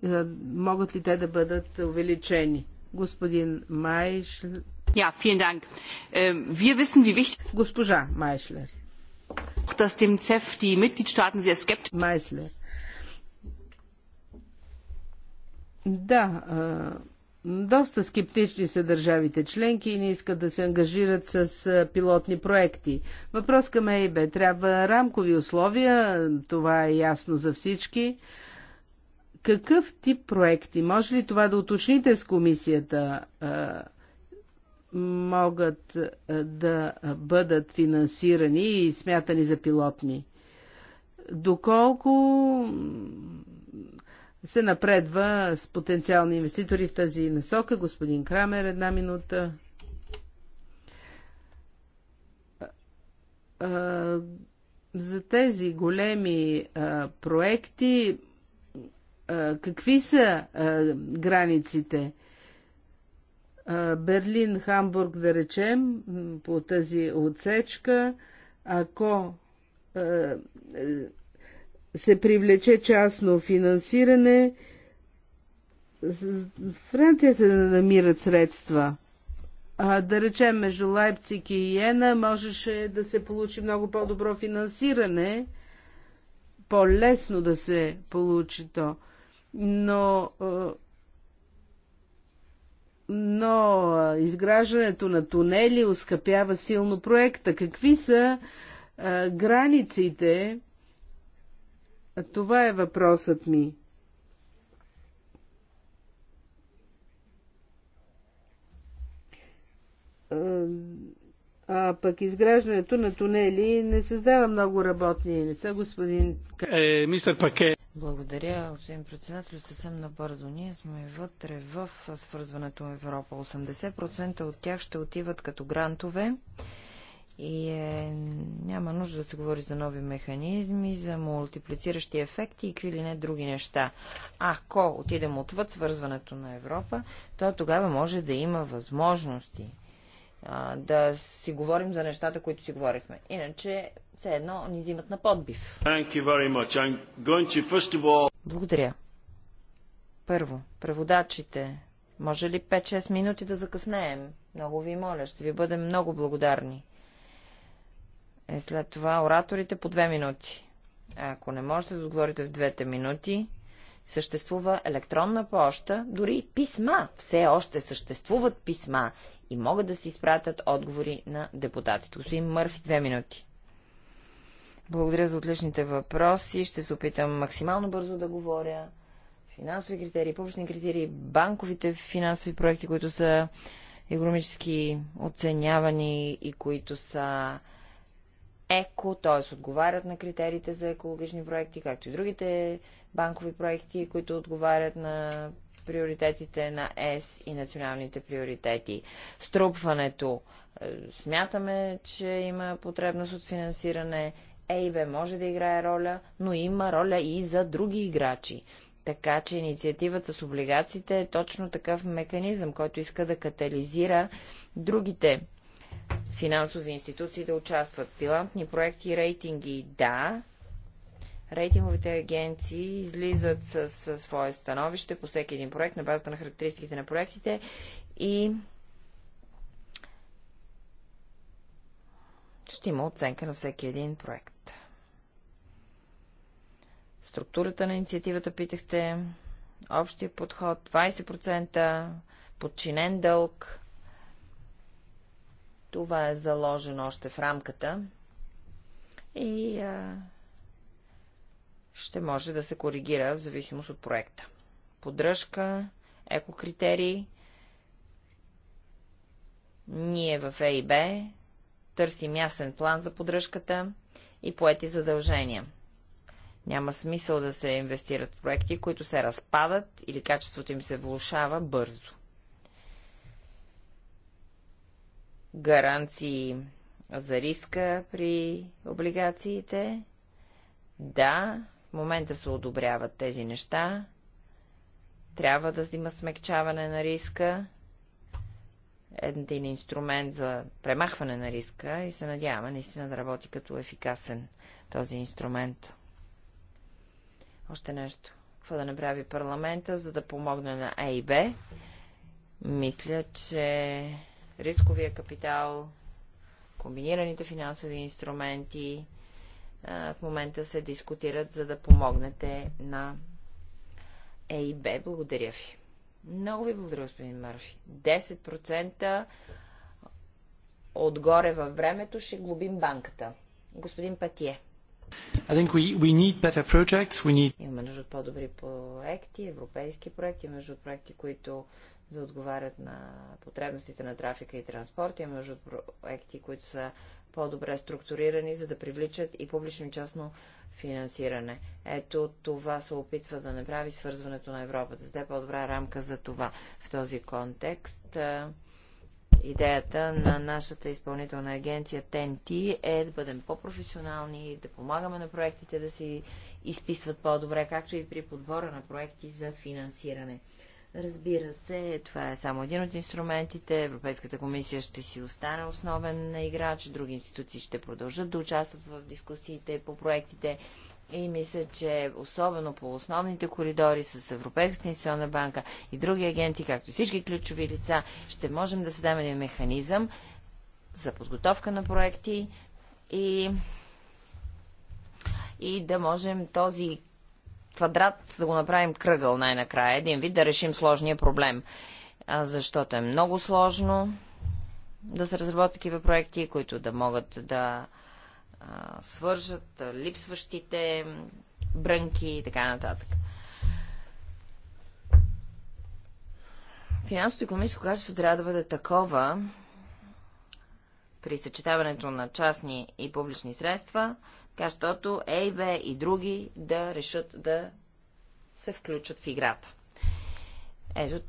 Могат ли те да бъдат увеличени? Господин Майшлер. Ja, vielen Dank. Wir wissen, wie wichtig. Госпожа Майшлер. Dass dem CEF die Mitgliedstaaten sehr skeptisch. Майшлер. Да, доста скептични са държавите членки и не искат да се ангажират с пилотни проекти. Въпрос към ЕИБ. Трябва рамкови условия, това е ясно за всички. Какъв тип проекти? Може ли това да уточните с комисията? Могат да бъдат финансирани и смятани за пилотни? Доколко се напредва с потенциални инвеститори в тази насока. Господин Крамер, една минута. За тези големи проекти, какви са границите? Берлин, Хамбург, да речем, по тази отсечка, ако се привлече частно финансиране. В Франция се намират средства. А, да речем, между Лайпциг и Йена можеше да се получи много по-добро финансиране, по-лесно да се получи то. Но, но изграждането на тунели ускъпява силно проекта. Какви са границите? Това е въпросът ми. А пък изграждането на тунели не създава много работни лица, господин... Е, мистер Паке. Благодаря, господин председател. Съвсем набързо. Ние сме вътре в свързването Европа. 80% от тях ще отиват като грантове и е, няма нужда да се говори за нови механизми, за мултиплициращи ефекти и какви ли не други неща. Ако отидем отвъд свързването на Европа, то тогава може да има възможности а, да си говорим за нещата, които си говорихме. Иначе, все едно ни взимат на подбив. All... Благодаря. Първо, преводачите. Може ли 5-6 минути да закъснеем? Много ви моля, ще ви бъдем много благодарни е след това ораторите по две минути. Ако не можете да отговорите в двете минути, съществува електронна поща, дори писма. Все още съществуват писма и могат да се изпратят отговори на депутатите. Господин Мърфи, две минути. Благодаря за отличните въпроси. Ще се опитам максимално бързо да говоря. Финансови критерии, публични критерии, банковите финансови проекти, които са економически оценявани и които са еко, т.е. отговарят на критериите за екологични проекти, както и другите банкови проекти, които отговарят на приоритетите на ЕС и националните приоритети. Струпването. Е, смятаме, че има потребност от финансиране. ЕИБ може да играе роля, но има роля и за други играчи. Така че инициативата с облигациите е точно такъв механизъм, който иска да катализира другите финансови институции да участват. Пилантни проекти, рейтинги – да. Рейтинговите агенции излизат с, с свое становище по всеки един проект на базата на характеристиките на проектите и ще има оценка на всеки един проект. Структурата на инициативата питахте, общия подход 20%, подчинен дълг – това е заложено още в рамката и а, ще може да се коригира в зависимост от проекта. Поддръжка, екокритерии. Ние в е Б търсим ясен план за поддръжката и поети задължения. Няма смисъл да се инвестират в проекти, които се разпадат или качеството им се влушава бързо. гаранции за риска при облигациите. Да, в момента се одобряват тези неща. Трябва да има смекчаване на риска. Един инструмент за премахване на риска и се надяваме наистина да работи като ефикасен този инструмент. Още нещо. Какво да направи парламента, за да помогне на А и Б? Мисля, че рисковия капитал, комбинираните финансови инструменти в момента се дискутират, за да помогнете на ЕИБ. Благодаря ви. Много ви благодаря, господин Марфи. 10% отгоре във времето ще глобим банката. Господин Патие. I think we, we need better projects. We need... Имаме нужда от по-добри проекти, европейски проекти, имаме нужда от проекти, които да отговарят на потребностите на трафика и транспорта. Има нужда проекти, които са по-добре структурирани, за да привличат и публично-частно финансиране. Ето това се опитва да направи свързването на Европа, да е по-добра рамка за това. В този контекст идеята на нашата изпълнителна агенция ТНТ е да бъдем по-професионални, да помагаме на проектите да се изписват по-добре, както и при подбора на проекти за финансиране. Разбира се, това е само един от инструментите. Европейската комисия ще си остане основен на играч, други институции ще продължат да участват в дискусиите по проектите. И мисля, че особено по основните коридори с Европейската инвестиционна банка и други агенти, както всички ключови лица, ще можем да създадем един механизъм за подготовка на проекти и, и да можем този квадрат, да го направим кръгъл най-накрая. Един вид да решим сложния проблем. А, защото е много сложно да се разработят такива проекти, които да могат да а, свържат липсващите брънки и така нататък. Финансовото економическо качество трябва да бъде такова при съчетаването на частни и публични средства, така щото ЕИБ и други да решат да се включат в играта. Ето,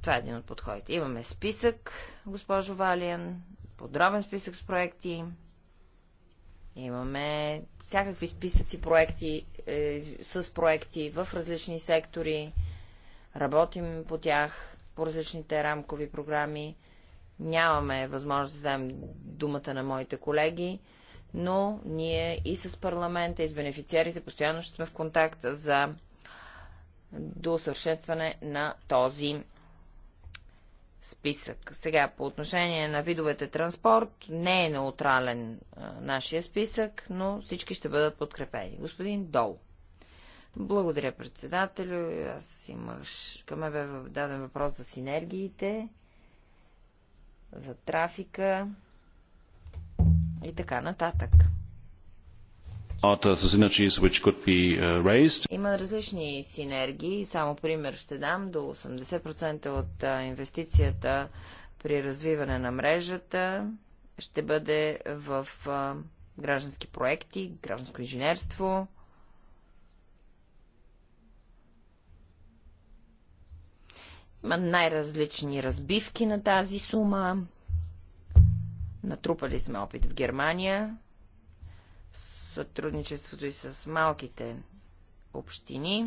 това е един от подходите. Имаме списък, госпожо Валиан, подробен списък с проекти. Имаме всякакви списъци проекти, е, с проекти в различни сектори. Работим по тях, по различните рамкови програми. Нямаме възможност да дадем думата на моите колеги но ние и с парламента, и с бенефициарите постоянно ще сме в контакт за досъвършенстване на този списък. Сега, по отношение на видовете транспорт, не е неутрален а, нашия списък, но всички ще бъдат подкрепени. Господин Дол. Благодаря, председателю. Аз имаш към мен даден въпрос за синергиите, за трафика и така нататък. Uh, uh, Има различни синергии. Само пример ще дам. До 80% от uh, инвестицията при развиване на мрежата ще бъде в граждански проекти, гражданско инженерство. Има най-различни разбивки на тази сума. Натрупали сме опит в Германия, в сътрудничеството и с малките общини.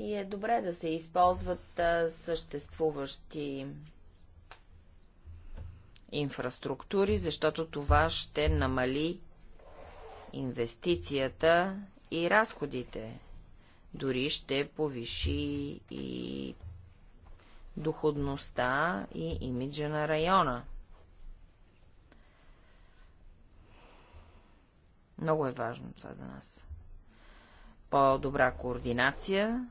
И е добре да се използват съществуващи инфраструктури, защото това ще намали инвестицията и разходите. Дори ще повиши и доходността и имиджа на района. Много е важно това за нас. По-добра координация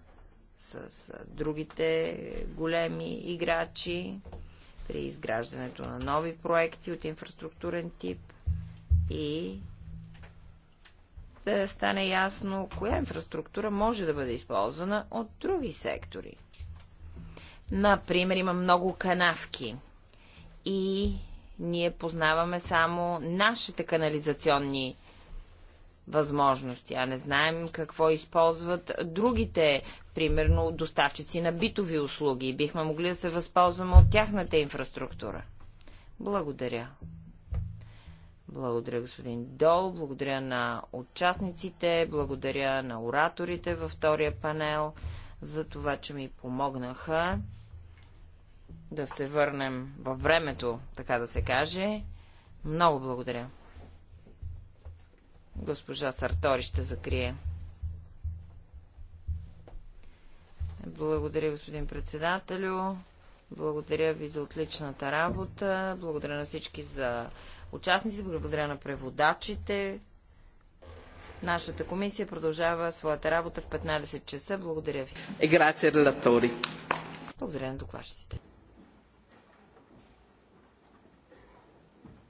с другите големи играчи при изграждането на нови проекти от инфраструктурен тип и да стане ясно коя инфраструктура може да бъде използвана от други сектори. Например, има много канавки и ние познаваме само нашите канализационни възможности, а не знаем какво използват другите, примерно доставчици на битови услуги. Бихме могли да се възползваме от тяхната инфраструктура. Благодаря. Благодаря, господин Дол. Благодаря на участниците. Благодаря на ораторите във втория панел за това, че ми помогнаха да се върнем във времето, така да се каже. Много благодаря. Госпожа Сартори ще закрие. Благодаря, господин председателю. Благодаря ви за отличната работа. Благодаря на всички за участниците. Благодаря на преводачите. Нашата комисия продължава своята работа в 15 часа. Благодаря ви. Е, Благодаря на докладчиците.